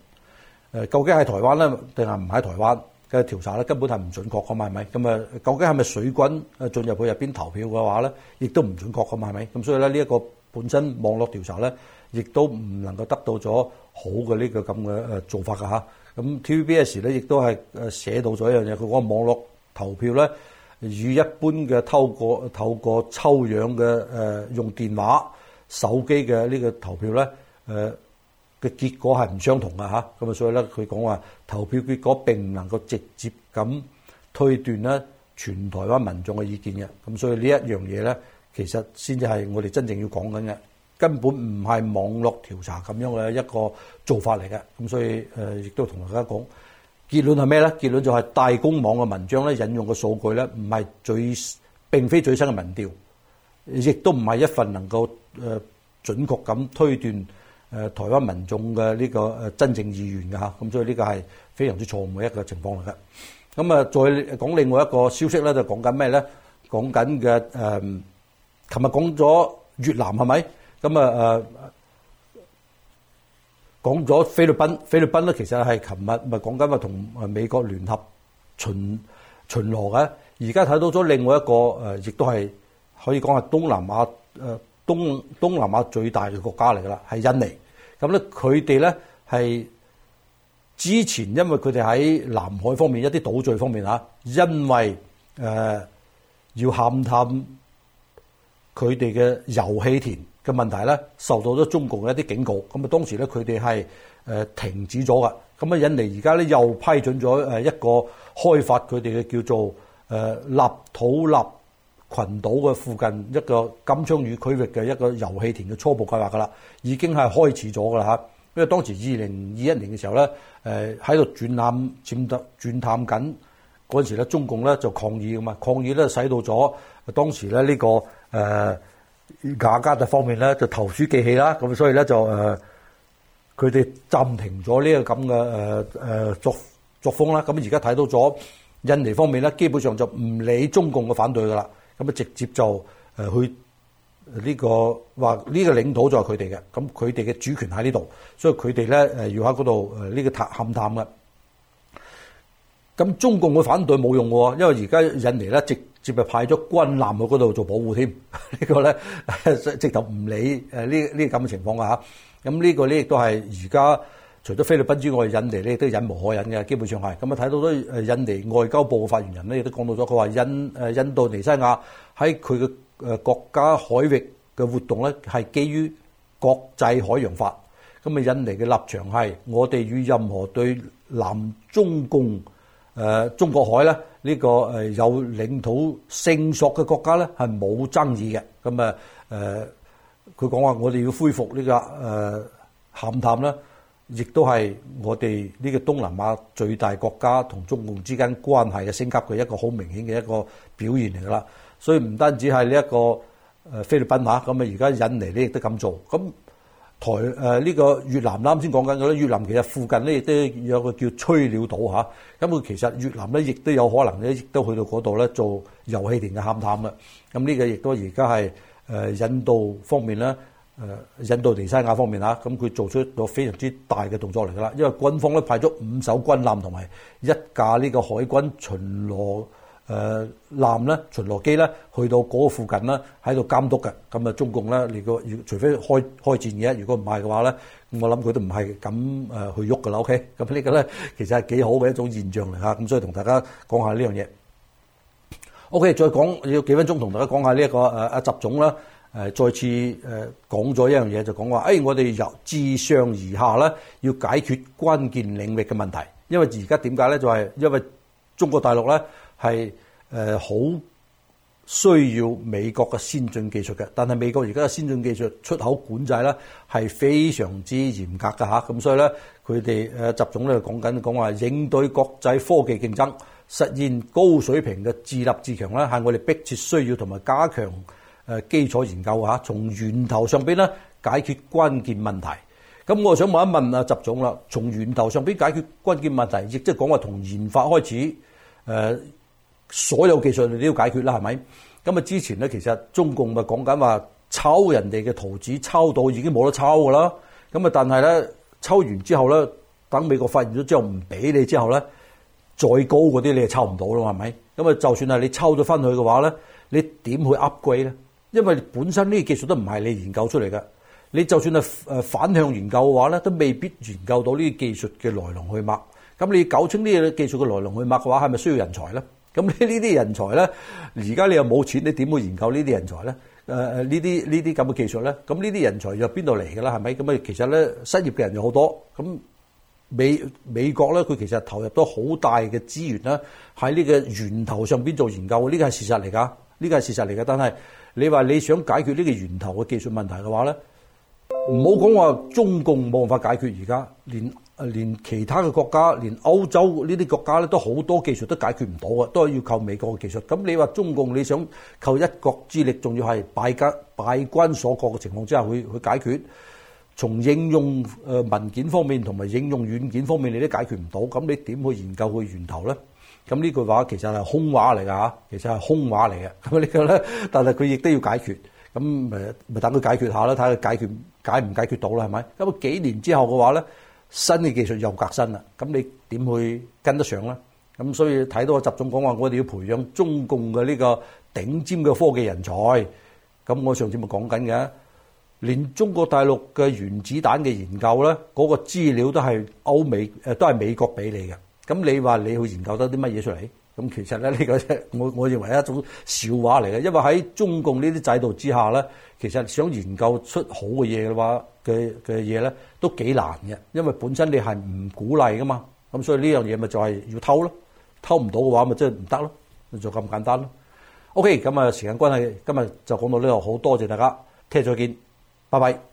呃、究竟喺台灣咧定係唔喺台灣嘅調查咧，根本係唔準確㗎嘛，係咪？咁誒，究竟係咪水軍誒進入去入邊投票嘅話咧，亦都唔準確㗎嘛，係咪？咁所以咧，呢一個本身網絡調查咧，亦都唔能夠得到咗好嘅呢個咁嘅誒做法㗎吓。咁 TVBS 咧亦都係寫到咗一樣嘢，佢講網絡投票咧與一般嘅透過透過抽樣嘅、呃、用電話手機嘅呢個投票咧誒嘅結果係唔相同嘅嚇，咁啊所以咧，佢講話投票結果並唔能夠直接咁推斷咧全台灣民眾嘅意見嘅。咁所以呢一樣嘢咧，其實先至係我哋真正要講緊嘅。根本唔係網絡調查咁樣嘅一個做法嚟嘅，咁所以誒亦、呃、都同大家講，結論係咩咧？結論就係大公網嘅文章咧引用嘅數據咧，唔係最並非最新嘅民調，亦都唔係一份能夠誒、呃、準確咁推斷誒、呃、台灣民眾嘅呢個誒、呃、真正意願嘅嚇。咁所以呢個係非常之錯誤嘅一個情況嚟嘅。咁啊，再講另外一個消息咧，就講緊咩咧？講緊嘅誒，琴日講咗越南係咪？是咁啊，誒，講咗菲律賓，菲律賓咧，其實係琴日咪講緊話同誒美國聯合巡巡邏嘅，而家睇到咗另外一個誒，亦都係可以講係東南亞誒、啊、東東南亞最大嘅國家嚟噶啦，係印尼。咁咧，佢哋咧係之前因為佢哋喺南海方面一啲島嶼方面嚇、啊，因為誒、啊、要喊探。佢哋嘅油氣田嘅問題咧，受到咗中共一啲警告，咁啊，當時咧佢哋係誒停止咗㗎，咁啊引嚟而家咧又批准咗誒一個開發佢哋嘅叫做誒、呃、納土納群島嘅附近一個金槍魚區域嘅一個油氣田嘅初步計劃噶啦，已經係開始咗噶啦嚇，因為當時二零二一年嘅時候咧，誒喺度鑽探佔得鑽探緊嗰陣時咧，中共咧就抗議㗎嘛，抗議咧使到咗當時咧呢、這個。誒、呃、雅加達方面咧就投鼠忌器啦，咁所以咧就誒佢哋暫停咗呢個咁嘅誒誒作作風啦，咁而家睇到咗印尼方面咧，基本上就唔理中共嘅反對噶啦，咁啊直接就誒去呢、呢個話，呢個領土就係佢哋嘅，咁佢哋嘅主權喺呢度，所以佢哋咧誒要喺嗰度誒呢個塔探探嘅。咁中共嘅反對冇用喎，因為而家印尼咧直接係派咗軍艦去嗰度做保護添。呢 個咧直頭唔理誒呢呢咁嘅情況啊！咁、這、呢個呢亦都係而家除咗菲律賓之外，印尼咧都忍無可忍嘅，基本上係咁啊。睇到都誒印尼外交部發言人咧都講到咗，佢話印誒印度尼西亞喺佢嘅誒國家海域嘅活動咧係基於國際海洋法。咁啊，印尼嘅立場係我哋與任何對南中共，呃、中國海咧呢、這個、呃、有領土聲索嘅國家咧係冇爭議嘅，咁啊佢講話我哋要恢復、這個呃、呢個誒勘探咧，亦都係我哋呢個東南亞最大國家同中共之間關係嘅升級嘅一個好明顯嘅一個表現嚟噶啦，所以唔單止係呢一個菲律賓嚇，咁啊而家、嗯、印尼呢亦都咁做咁。嗯台誒呢、呃這個越南啱先講緊嗰啲越南，其實附近咧亦都有個叫吹鳥島下，咁佢其實越南咧亦都有可能咧亦都去到嗰度咧做油氣田嘅勘探啦。咁、嗯、呢、這個亦都而家係印度方面咧、呃、印度尼西亞方面嚇，咁、啊、佢、嗯、做出咗非常之大嘅動作嚟㗎啦。因為軍方咧派咗五艘軍艦同埋一架呢個海軍巡邏。誒艦咧巡邏機咧，去到嗰個附近咧，喺度監督嘅。咁啊，中共咧，如果如除非開開戰嘅，如果唔係嘅話咧，我諗佢都唔係咁誒去喐㗎啦。OK，咁呢個咧，其實係幾好嘅一種現象嚟嚇。咁所以同大家講下呢樣嘢。OK，再講要幾分鐘同大家講下呢一個誒阿習總啦，誒再次誒講咗一樣嘢，就講話誒我哋由自上而下啦，要解決關鍵領域嘅問題。因為而家點解咧？就係因為中國大陸咧。係誒好需要美國嘅先進技術嘅，但係美國而家嘅先進技術出口管制咧係非常之嚴格㗎吓，咁所以咧佢哋誒習總咧講緊講話，應對國際科技競爭，實現高水平嘅自立自強咧係我哋迫切需要同埋加強誒基礎研究吓，從源頭上邊咧解決關鍵問題。咁我想問一問啊習總啦，從源頭上邊解決關鍵問題，亦即係講話從研發開始誒。所有技術你都要解決啦，係咪？咁啊，之前咧其實中共咪講緊話抄人哋嘅圖紙，抄到已經冇得抄噶啦。咁啊，但係咧抄完之後咧，等美國發現咗之後唔俾你之後咧，再高嗰啲你係抄唔到咯，係咪？咁啊，就算係你抄咗翻去嘅話咧，你點去 upgrade 咧？因為本身呢啲技術都唔係你研究出嚟嘅，你就算係誒反向研究嘅話咧，都未必研究到呢啲技術嘅來龍去脈。咁你搞清呢啲技術嘅來龍去脈嘅話，係咪需要人才咧？咁呢？呢啲人才咧，而家你又冇錢，你點會研究呢啲人才咧？誒誒，呢啲呢啲咁嘅技術咧？咁呢啲人才又邊度嚟㗎啦？係咪？咁啊，其實咧，失業嘅人又好多。咁美美國咧，佢其實投入咗好大嘅資源啦，喺呢個源頭上邊做研究，呢個係事實嚟㗎。呢個係事實嚟㗎。但係你話你想解決呢個源頭嘅技術問題嘅話咧，唔好講話中共冇辦法解決，而家連連其他嘅國家，連歐洲呢啲國家咧，都好多技術都解決唔到嘅，都係要靠美國嘅技術。咁你話中共你想靠一國之力，仲要係敗家敗軍所國嘅情況之下去去解決？從應用誒文件方面同埋應用軟件方面，你都解決唔到。咁你點去研究佢源頭咧？咁呢句話其實係空話嚟㗎嚇，其實係空話嚟嘅，咁呢個咧。 但係佢亦都要解決，咁誒咪等佢解決一下啦，睇下解決解唔解決到啦，係咪？咁幾年之後嘅話咧？新嘅技術又革新啦，咁你點去跟得上咧？咁所以睇到個習總講話，我哋要培養中共嘅呢個頂尖嘅科技人才。咁我上次咪講緊嘅，連中國大陸嘅原子彈嘅研究咧，嗰個資料都係歐美誒，都係美國俾你嘅。咁你話你去研究得啲乜嘢出嚟？咁其實咧，呢個我我認為係一種笑話嚟嘅，因為喺中共呢啲制度之下咧，其實想研究出好嘅嘢嘅話，嘅嘅嘢咧都幾難嘅，因為本身你係唔鼓勵噶嘛，咁所以呢樣嘢咪就係要偷咯，偷唔到嘅話咪真係唔得咯，咪就咁簡單咯。OK，咁啊時間關係，今日就講到呢度，好多謝大家，聽日再見，拜拜。